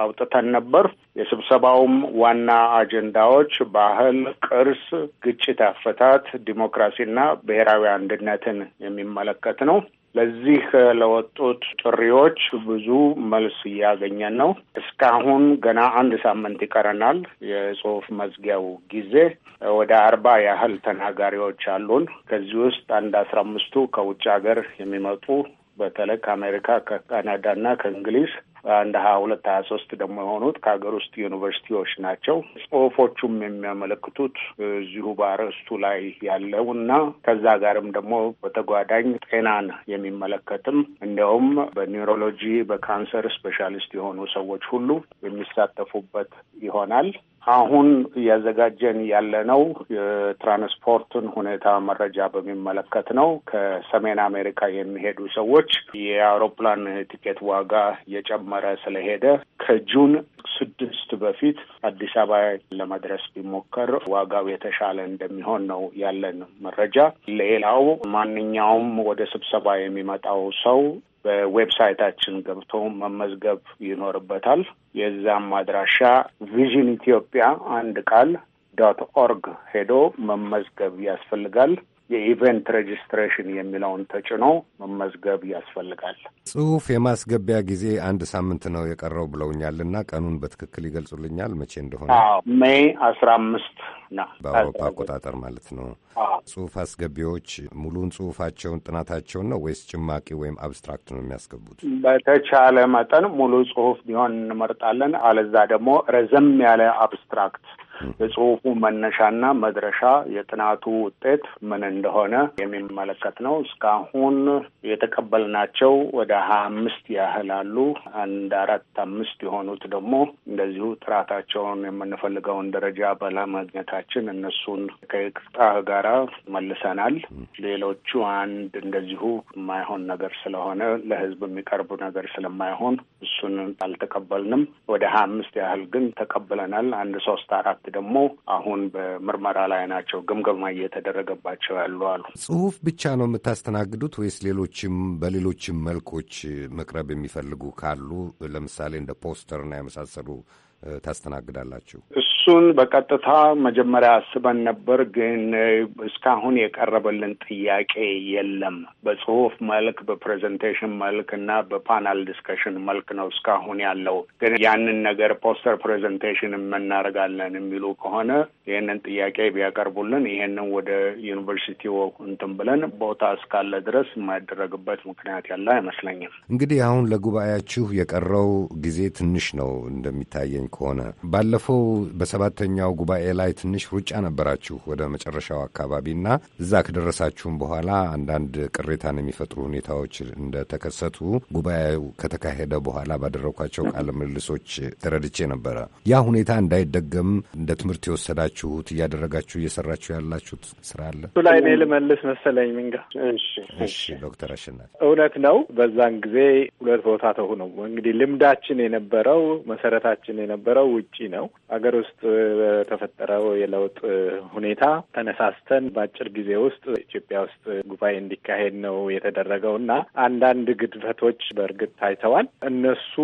S6: አውጥተን ነበር። የስብሰባውም ዋና አጀንዳዎች ባህል፣ ቅርስ፣ ግጭት አፈታት፣ ዲሞክራሲና ብሔራዊ አንድነትን የሚመለከት ነው። ለዚህ ለወጡት ጥሪዎች ብዙ መልስ እያገኘን ነው። እስካሁን ገና አንድ ሳምንት ይቀረናል። የጽሁፍ መዝጊያው ጊዜ ወደ አርባ ያህል ተናጋሪዎች አሉን። ከዚህ ውስጥ አንድ አስራ አምስቱ ከውጭ ሀገር የሚመጡ በተለይ ከአሜሪካ ከካናዳ እና ከእንግሊዝ አንድ ሀያ ሁለት ሀያ ሶስት ደግሞ የሆኑት ከሀገር ውስጥ ዩኒቨርሲቲዎች ናቸው። ጽሁፎቹም የሚያመለክቱት እዚሁ በአርዕስቱ ላይ ያለው እና ከዛ ጋርም ደግሞ በተጓዳኝ ጤናን የሚመለከትም እንዲያውም በኒውሮሎጂ በካንሰር ስፔሻሊስት የሆኑ ሰዎች ሁሉ የሚሳተፉበት ይሆናል። አሁን እያዘጋጀን ያለነው የትራንስፖርትን ሁኔታ መረጃ በሚመለከት ነው። ከሰሜን አሜሪካ የሚሄዱ ሰዎች የአውሮፕላን ቲኬት ዋጋ እየጨመረ ስለሄደ ከጁን ስድስት በፊት አዲስ አበባ ለመድረስ ቢሞከር ዋጋው የተሻለ እንደሚሆን ነው ያለን መረጃ። ሌላው ማንኛውም ወደ ስብሰባ የሚመጣው ሰው በዌብሳይታችን ገብቶ መመዝገብ ይኖርበታል። የዛም አድራሻ ቪዥን ኢትዮጵያ አንድ ቃል ዶት ኦርግ ሄዶ መመዝገብ ያስፈልጋል። የኢቨንት ሬጅስትሬሽን የሚለውን ተጭኖ መመዝገብ ያስፈልጋል።
S2: ጽሁፍ የማስገቢያ ጊዜ አንድ ሳምንት ነው የቀረው ብለውኛልና ቀኑን በትክክል ይገልጹልኛል መቼ እንደሆነ?
S6: ሜይ አስራ አምስት ነው በአውሮፓ
S2: አቆጣጠር ማለት ነው። ጽሁፍ አስገቢዎች ሙሉን ጽሁፋቸውን ጥናታቸውን ነው ወይስ ጭማቂ ወይም አብስትራክት ነው የሚያስገቡት?
S6: በተቻለ መጠን ሙሉ ጽሁፍ ቢሆን እንመርጣለን። አለዛ ደግሞ ረዘም ያለ አብስትራክት የጽሁፉ መነሻና መድረሻ የጥናቱ ውጤት ምን እንደሆነ የሚመለከት ነው። እስካሁን የተቀበልናቸው ወደ ሀያ አምስት ያህል አሉ። አንድ አራት አምስት የሆኑት ደግሞ እንደዚሁ ጥራታቸውን የምንፈልገውን ደረጃ ባለማግኘታችን እነሱን ከቅጣ ጋር መልሰናል። ሌሎቹ አንድ እንደዚሁ የማይሆን ነገር ስለሆነ ለህዝብ የሚቀርቡ ነገር ስለማይሆን እሱን አልተቀበልንም። ወደ ሀያ አምስት ያህል ግን ተቀብለናል። አንድ ሶስት አራት ደግሞ አሁን በምርመራ ላይ ናቸው፣ ግምገማ እየተደረገባቸው ያሉ አሉ።
S2: ጽሁፍ ብቻ ነው የምታስተናግዱት ወይስ ሌሎችም በሌሎችም መልኮች መቅረብ የሚፈልጉ ካሉ ለምሳሌ እንደ ፖስተርና የመሳሰሉ ታስተናግዳላችሁ?
S6: እሱን በቀጥታ መጀመሪያ አስበን ነበር፣ ግን እስካሁን የቀረበልን ጥያቄ የለም። በጽሁፍ መልክ፣ በፕሬዘንቴሽን መልክ እና በፓናል ዲስከሽን መልክ ነው እስካሁን ያለው። ግን ያንን ነገር ፖስተር ፕሬዘንቴሽን እናደርጋለን የሚሉ ከሆነ ይህንን ጥያቄ ቢያቀርቡልን ይሄንን ወደ ዩኒቨርሲቲው እንትን ብለን ቦታ እስካለ ድረስ የማይደረግበት ምክንያት ያለ አይመስለኝም።
S2: እንግዲህ አሁን ለጉባኤያችሁ የቀረው ጊዜ ትንሽ ነው እንደሚታየኝ ከሆነ ባለፈው በሰባተኛው ጉባኤ ላይ ትንሽ ሩጫ ነበራችሁ ወደ መጨረሻው አካባቢና እዛ ከደረሳችሁም በኋላ አንዳንድ ቅሬታን የሚፈጥሩ ሁኔታዎች እንደተከሰቱ ጉባኤው ከተካሄደ በኋላ ባደረኳቸው ቃለ ምልልሶች ተረድቼ ነበረ። ያ ሁኔታ እንዳይደገም እንደ ትምህርት የወሰዳችሁት እያደረጋችሁ እየሰራችሁ ያላችሁት ስራ አለ? እሱ ላይ እኔ
S14: ልመልስ መሰለኝ ምንጋ እሺ
S2: ዶክተር አሸናፊ
S14: እውነት ነው። በዛን ጊዜ ሁለት ቦታ ነው እንግዲህ ልምዳችን የነበረው መሰረታችን የነበረው ውጪ ነው። ሀገር ውስጥ በተፈጠረው የለውጥ ሁኔታ ተነሳስተን በአጭር ጊዜ ውስጥ ኢትዮጵያ ውስጥ ጉባኤ እንዲካሄድ ነው የተደረገው እና አንዳንድ ግድፈቶች በእርግጥ ታይተዋል። እነሱ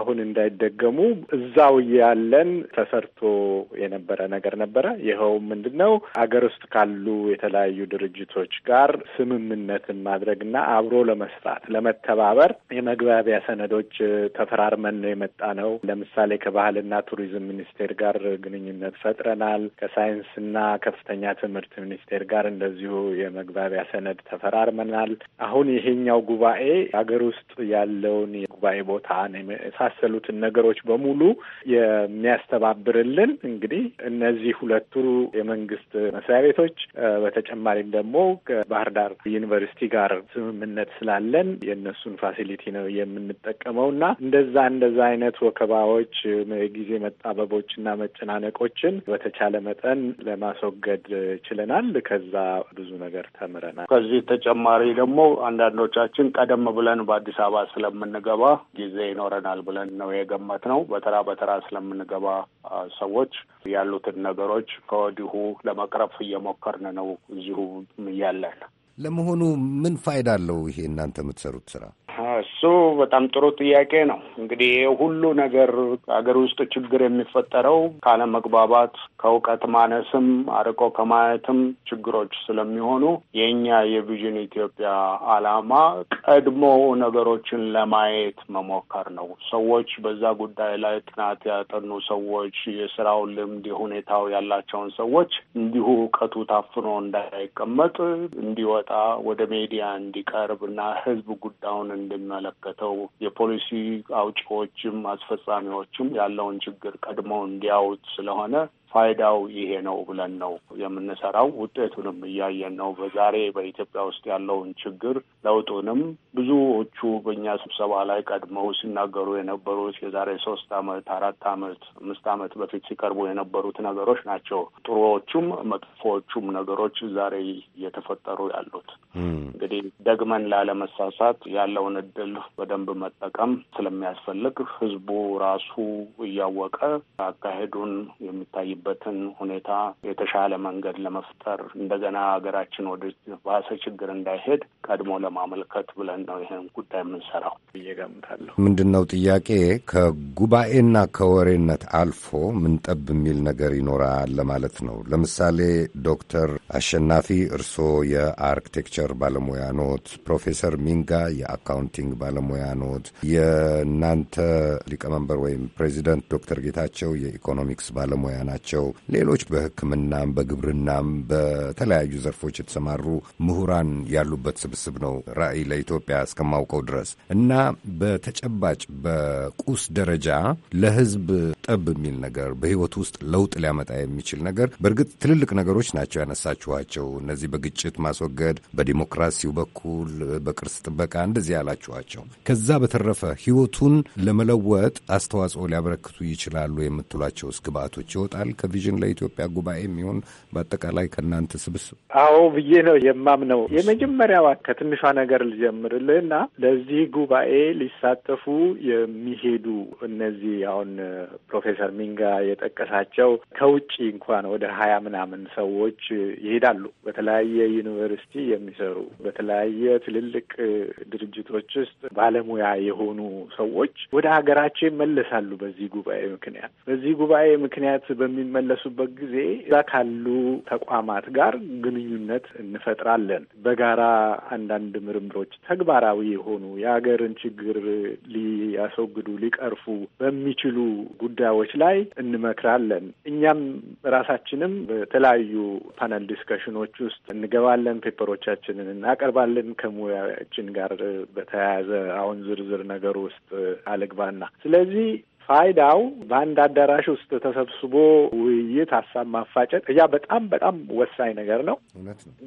S14: አሁን እንዳይደገሙ እዛው ያለን ተሰርቶ የነበረ ነገር ነበረ። ይኸው ምንድን ነው አገር ውስጥ ካሉ የተለያዩ ድርጅቶች ጋር ስምምነትን ማድረግና አብሮ ለመስራት ለመተባበር የመግባቢያ ሰነዶች ተፈራርመን ነው የመጣ ነው። ለምሳሌ ከባ ከባህልና ቱሪዝም ሚኒስቴር ጋር ግንኙነት ፈጥረናል። ከሳይንስና ከፍተኛ ትምህርት ሚኒስቴር ጋር እንደዚሁ የመግባቢያ ሰነድ ተፈራርመናል። አሁን ይሄኛው ጉባኤ ሀገር ውስጥ ያለውን የጉባኤ ቦታ የመሳሰሉትን ነገሮች በሙሉ የሚያስተባብርልን እንግዲህ እነዚህ ሁለቱ የመንግስት መስሪያ ቤቶች በተጨማሪም ደግሞ ከባህር ዳር ዩኒቨርሲቲ ጋር ስምምነት ስላለን የእነሱን ፋሲሊቲ ነው የምንጠቀመው እና እንደዛ እንደዛ አይነት ወከባዎች የጊዜ መጣበቦችና መጨናነቆችን በተቻለ መጠን ለማስወገድ ችለናል። ከዛ ብዙ ነገር ተምረናል።
S6: ከዚህ ተጨማሪ ደግሞ አንዳንዶቻችን ቀደም ብለን በአዲስ አበባ ስለምንገባ ጊዜ ይኖረናል ብለን ነው የገመት ነው። በተራ በተራ ስለምንገባ ሰዎች ያሉትን ነገሮች ከወዲሁ ለመቅረፍ እየሞከርን ነው እዚሁ እያለን
S2: ለመሆኑ ምን ፋይዳ አለው ይሄ እናንተ የምትሰሩት ስራ?
S6: እሱ በጣም ጥሩ ጥያቄ ነው። እንግዲህ ሁሉ ነገር ሀገር ውስጥ ችግር የሚፈጠረው ካለመግባባት፣ ከእውቀት ማነስም፣ አርቆ ከማየትም ችግሮች ስለሚሆኑ የእኛ የቪዥን ኢትዮጵያ አላማ ቀድሞ ነገሮችን ለማየት መሞከር ነው። ሰዎች በዛ ጉዳይ ላይ ጥናት ያጠኑ ሰዎች፣ የስራው ልምድ፣ የሁኔታው ያላቸውን ሰዎች እንዲሁ እውቀቱ ታፍኖ እንዳይቀመጥ እንዲወጣ እንዲወጣ ወደ ሜዲያ እንዲቀርብ እና ህዝብ ጉዳዩን እንዲመለከተው የፖሊሲ አውጪዎችም አስፈጻሚዎችም ያለውን ችግር ቀድመው እንዲያዩት ስለሆነ ፋይዳው ይሄ ነው ብለን ነው የምንሰራው። ውጤቱንም እያየን ነው። በዛሬ በኢትዮጵያ ውስጥ ያለውን ችግር ለውጡንም ብዙዎቹ በእኛ ስብሰባ ላይ ቀድመው ሲናገሩ የነበሩት የዛሬ ሶስት አመት፣ አራት አመት፣ አምስት አመት በፊት ሲቀርቡ የነበሩት ነገሮች ናቸው። ጥሩዎቹም መጥፎዎቹም ነገሮች ዛሬ እየተፈጠሩ ያሉት እንግዲህ ደግመን ላለመሳሳት ያለውን እድል በደንብ መጠቀም ስለሚያስፈልግ ህዝቡ ራሱ እያወቀ አካሄዱን የሚታይ የሚገኝበትን ሁኔታ የተሻለ መንገድ ለመፍጠር እንደገና ሀገራችን ወደ ባሰ ችግር እንዳይሄድ ቀድሞ ለማመልከት ብለን ነው ይህን ጉዳይ የምንሰራው ብዬ
S2: ምንድን ነው ጥያቄ ከጉባኤና ከወሬነት አልፎ ምንጠብ የሚል ነገር ይኖራል ለማለት ነው። ለምሳሌ ዶክተር አሸናፊ እርሶ የአርክቴክቸር ባለሙያ ኖት፣ ፕሮፌሰር ሚንጋ የአካውንቲንግ ባለሙያ ኖት፣ የእናንተ ሊቀመንበር ወይም ፕሬዚደንት ዶክተር ጌታቸው የኢኮኖሚክስ ባለሙያ ናቸው። ናቸው። ሌሎች በሕክምናም በግብርናም በተለያዩ ዘርፎች የተሰማሩ ምሁራን ያሉበት ስብስብ ነው ራዕይ ለኢትዮጵያ እስከማውቀው ድረስ እና በተጨባጭ በቁስ ደረጃ ለህዝብ ጠብ የሚል ነገር በህይወት ውስጥ ለውጥ ሊያመጣ የሚችል ነገር በእርግጥ ትልልቅ ነገሮች ናቸው ያነሳችኋቸው። እነዚህ በግጭት ማስወገድ፣ በዲሞክራሲው በኩል በቅርስ ጥበቃ እንደዚህ ያላችኋቸው። ከዛ በተረፈ ህይወቱን ለመለወጥ አስተዋጽኦ ሊያበረክቱ ይችላሉ የምትሏቸው ግብአቶች ይወጣል ከቪዥን ለኢትዮጵያ ጉባኤ የሚሆን በአጠቃላይ ከእናንተ ስብስብ?
S14: አዎ ብዬ ነው የማምነው። የመጀመሪያዋ ከትንሿ ነገር ልጀምርልህና ለዚህ ጉባኤ ሊሳተፉ የሚሄዱ እነዚህ አሁን ፕሮፌሰር ሚንጋ የጠቀሳቸው ከውጭ እንኳን ወደ ሀያ ምናምን ሰዎች ይሄዳሉ። በተለያየ ዩኒቨርሲቲ የሚሰሩ በተለያየ ትልልቅ ድርጅቶች ውስጥ ባለሙያ የሆኑ ሰዎች ወደ ሀገራቸው ይመለሳሉ። በዚህ ጉባኤ ምክንያት በዚህ ጉባኤ ምክንያት በሚ በሚመለሱበት ጊዜ እዛ ካሉ ተቋማት ጋር ግንኙነት እንፈጥራለን። በጋራ አንዳንድ ምርምሮች ተግባራዊ የሆኑ የሀገርን ችግር ሊያስወግዱ ሊቀርፉ በሚችሉ ጉዳዮች ላይ እንመክራለን። እኛም ራሳችንም በተለያዩ ፓነል ዲስከሽኖች ውስጥ እንገባለን፣ ፔፐሮቻችንን እናቀርባለን። ከሙያችን ጋር በተያያዘ አሁን ዝርዝር ነገር ውስጥ አልግባና ስለዚህ ፋይዳው በአንድ አዳራሽ ውስጥ ተሰብስቦ ውይይት፣ ሀሳብ ማፋጨት ያ በጣም በጣም ወሳኝ ነገር ነው።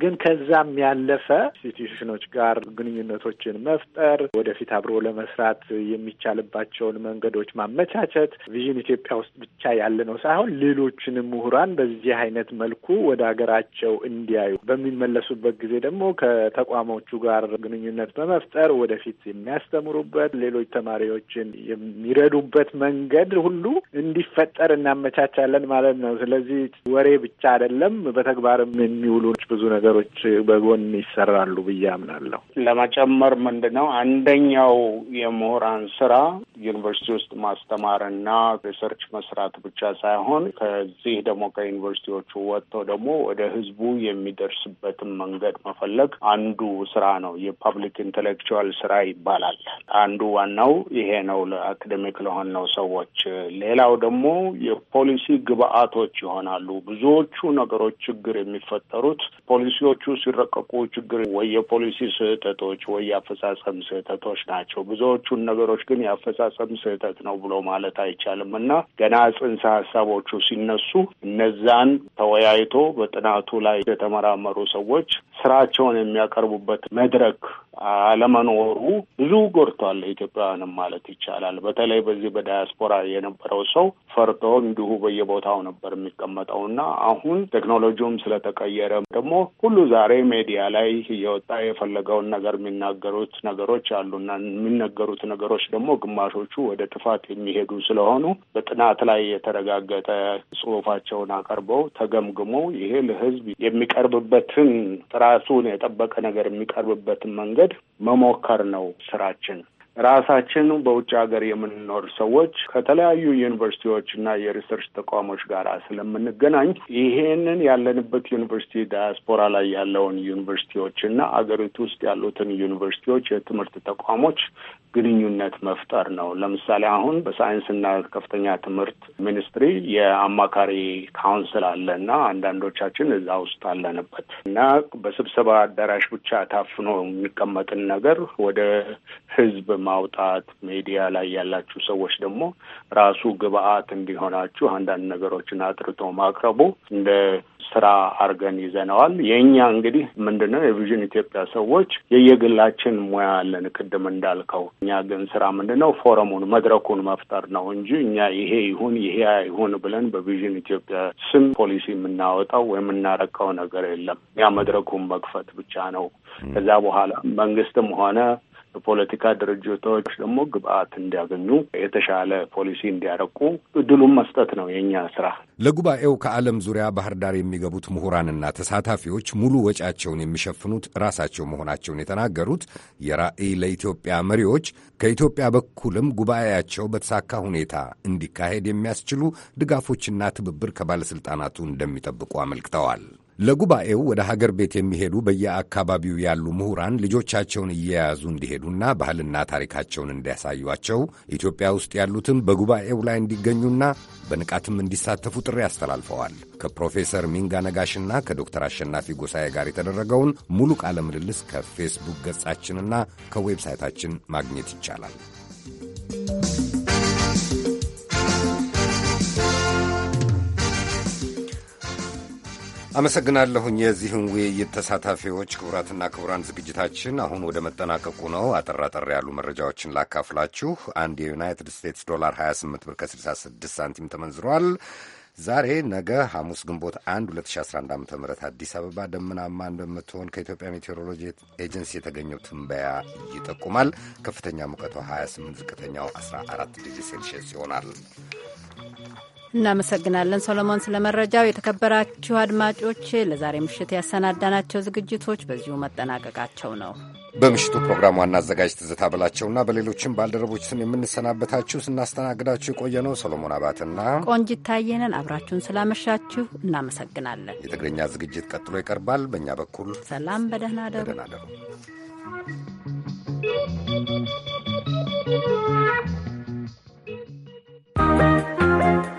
S14: ግን ከዛም ያለፈ ኢንስቲትዩሽኖች ጋር ግንኙነቶችን መፍጠር፣ ወደፊት አብሮ ለመስራት የሚቻልባቸውን መንገዶች ማመቻቸት ቪዥን ኢትዮጵያ ውስጥ ብቻ ያለ ነው ሳይሆን ሌሎችንም ምሁራን በዚህ አይነት መልኩ ወደ ሀገራቸው እንዲያዩ በሚመለሱበት ጊዜ ደግሞ ከተቋሞቹ ጋር ግንኙነት በመፍጠር ወደፊት የሚያስተምሩበት ሌሎች ተማሪዎችን የሚረዱበት መ መንገድ ሁሉ እንዲፈጠር እናመቻቻለን ማለት ነው። ስለዚህ ወሬ ብቻ አይደለም፣ በተግባርም የሚውሉ ብዙ ነገሮች በጎን ይሰራሉ ብዬ አምናለሁ።
S6: ለመጨመር ምንድን ነው አንደኛው የምሁራን ስራ ዩኒቨርሲቲ ውስጥ ማስተማርና ሪሰርች መስራት ብቻ ሳይሆን ከዚህ ደግሞ ከዩኒቨርሲቲዎቹ ወጥተው ደግሞ ወደ ህዝቡ የሚደርስበትን መንገድ መፈለግ አንዱ ስራ ነው። የፐብሊክ ኢንቴሌክቹዋል ስራ ይባላል። አንዱ ዋናው ይሄ ነው። ለአካደሚክ ለሆነው ሰው ሰዎች። ሌላው ደግሞ የፖሊሲ ግብአቶች ይሆናሉ። ብዙዎቹ ነገሮች ችግር የሚፈጠሩት ፖሊሲዎቹ ሲረቀቁ ችግር ወይ የፖሊሲ ስህተቶች ወይ የአፈጻጸም ስህተቶች ናቸው። ብዙዎቹን ነገሮች ግን የአፈጻጸም ስህተት ነው ብሎ ማለት አይቻልም እና ገና ጽንሰ ሀሳቦቹ ሲነሱ እነዛን ተወያይቶ በጥናቱ ላይ የተመራመሩ ሰዎች ስራቸውን የሚያቀርቡበት መድረክ አለመኖሩ ብዙ ጎድቷል ኢትዮጵያውያንም ማለት ይቻላል። በተለይ በዚህ በዳ ዳያስፖራ የነበረው ሰው ፈርቶ እንዲሁ በየቦታው ነበር የሚቀመጠው እና አሁን ቴክኖሎጂውም ስለተቀየረ ደግሞ ሁሉ ዛሬ ሜዲያ ላይ እየወጣ የፈለገውን ነገር የሚናገሩት ነገሮች አሉና የሚነገሩት ነገሮች ደግሞ ግማሾቹ ወደ ጥፋት የሚሄዱ ስለሆኑ በጥናት ላይ የተረጋገጠ ጽሁፋቸውን አቀርበው ተገምግመው ይሄ ለህዝብ የሚቀርብበትን ጥራቱን የጠበቀ ነገር የሚቀርብበትን መንገድ መሞከር ነው ስራችን። ራሳችን በውጭ ሀገር የምንኖር ሰዎች ከተለያዩ ዩኒቨርሲቲዎች እና የሪሰርች ተቋሞች ጋር ስለምንገናኝ ይሄንን ያለንበት ዩኒቨርሲቲ ዳያስፖራ ላይ ያለውን ዩኒቨርሲቲዎች እና አገሪቱ ውስጥ ያሉትን ዩኒቨርሲቲዎች የትምህርት ተቋሞች ግንኙነት መፍጠር ነው። ለምሳሌ አሁን በሳይንስና ከፍተኛ ትምህርት ሚኒስትሪ የአማካሪ ካውንስል አለ እና አንዳንዶቻችን እዛ ውስጥ አለንበት እና በስብሰባ አዳራሽ ብቻ ታፍኖ የሚቀመጥን ነገር ወደ ህዝብ ማውጣት ሜዲያ ላይ ያላችሁ ሰዎች ደግሞ ራሱ ግብአት እንዲሆናችሁ አንዳንድ ነገሮችን አጥርቶ ማቅረቡ እንደ ስራ አድርገን ይዘነዋል። የእኛ እንግዲህ ምንድነው የቪዥን ኢትዮጵያ ሰዎች የየግላችን ሙያ አለን። ቅድም እንዳልከው እኛ ግን ስራ ምንድነው ፎረሙን መድረኩን መፍጠር ነው እንጂ እኛ ይሄ ይሁን ይሄ አይሁን ብለን በቪዥን ኢትዮጵያ ስም ፖሊሲ የምናወጣው ወይም የምናረካው ነገር የለም። ያ መድረኩን መክፈት ብቻ ነው። ከዛ በኋላ መንግስትም ሆነ የፖለቲካ ድርጅቶች ደግሞ ግብአት እንዲያገኙ የተሻለ ፖሊሲ እንዲያረቁ እድሉም መስጠት ነው የእኛ ስራ።
S2: ለጉባኤው ከዓለም ዙሪያ ባህር ዳር የሚገቡት ምሁራንና ተሳታፊዎች ሙሉ ወጪያቸውን የሚሸፍኑት ራሳቸው መሆናቸውን የተናገሩት የራዕይ ለኢትዮጵያ መሪዎች ከኢትዮጵያ በኩልም ጉባኤያቸው በተሳካ ሁኔታ እንዲካሄድ የሚያስችሉ ድጋፎችና ትብብር ከባለሥልጣናቱ እንደሚጠብቁ አመልክተዋል። ለጉባኤው ወደ ሀገር ቤት የሚሄዱ በየአካባቢው ያሉ ምሁራን ልጆቻቸውን እየያዙ እንዲሄዱና ባህልና ታሪካቸውን እንዲያሳዩቸው ኢትዮጵያ ውስጥ ያሉትም በጉባኤው ላይ እንዲገኙና በንቃትም እንዲሳተፉ ጥሪ አስተላልፈዋል። ከፕሮፌሰር ሚንጋ ነጋሽና ከዶክተር አሸናፊ ጎሳዬ ጋር የተደረገውን ሙሉ ቃለ ምልልስ ከፌስቡክ ገጻችንና ከዌብሳይታችን ማግኘት ይቻላል። አመሰግናለሁኝ የዚህን ውይይት ተሳታፊዎች። ክቡራትና ክቡራን ዝግጅታችን አሁን ወደ መጠናቀቁ ነው። አጠር አጠር ያሉ መረጃዎችን ላካፍላችሁ። አንድ የዩናይትድ ስቴትስ ዶላር 28 ብር ከ66 ሳንቲም ተመንዝሯል። ዛሬ ነገ ሐሙስ ግንቦት 1 2011 ዓ ም አዲስ አበባ ደመናማ እንደምትሆን ከኢትዮጵያ ሜቴሮሎጂ ኤጀንሲ የተገኘው ትንበያ ይጠቁማል። ከፍተኛ ሙቀቷ 28፣ ዝቅተኛው 14 ዲግሪ ሴልሺየስ ይሆናል።
S1: እናመሰግናለን ሶሎሞን ስለ መረጃው። የተከበራችሁ አድማጮች ለዛሬ ምሽት ያሰናዳናቸው ዝግጅቶች በዚሁ መጠናቀቃቸው ነው።
S2: በምሽቱ ፕሮግራም ዋና አዘጋጅ ትዝታ ብላቸውና በሌሎችም ባልደረቦች ስም የምንሰናበታችሁ ስናስተናግዳችሁ የቆየ ነው ሰሎሞን አባትና
S1: ቆንጂት ታየነን። አብራችሁን ስላመሻችሁ እናመሰግናለን።
S2: የትግርኛ ዝግጅት ቀጥሎ ይቀርባል። በእኛ በኩል
S1: ሰላም፣ በደህና ደሩ።
S13: Thank you.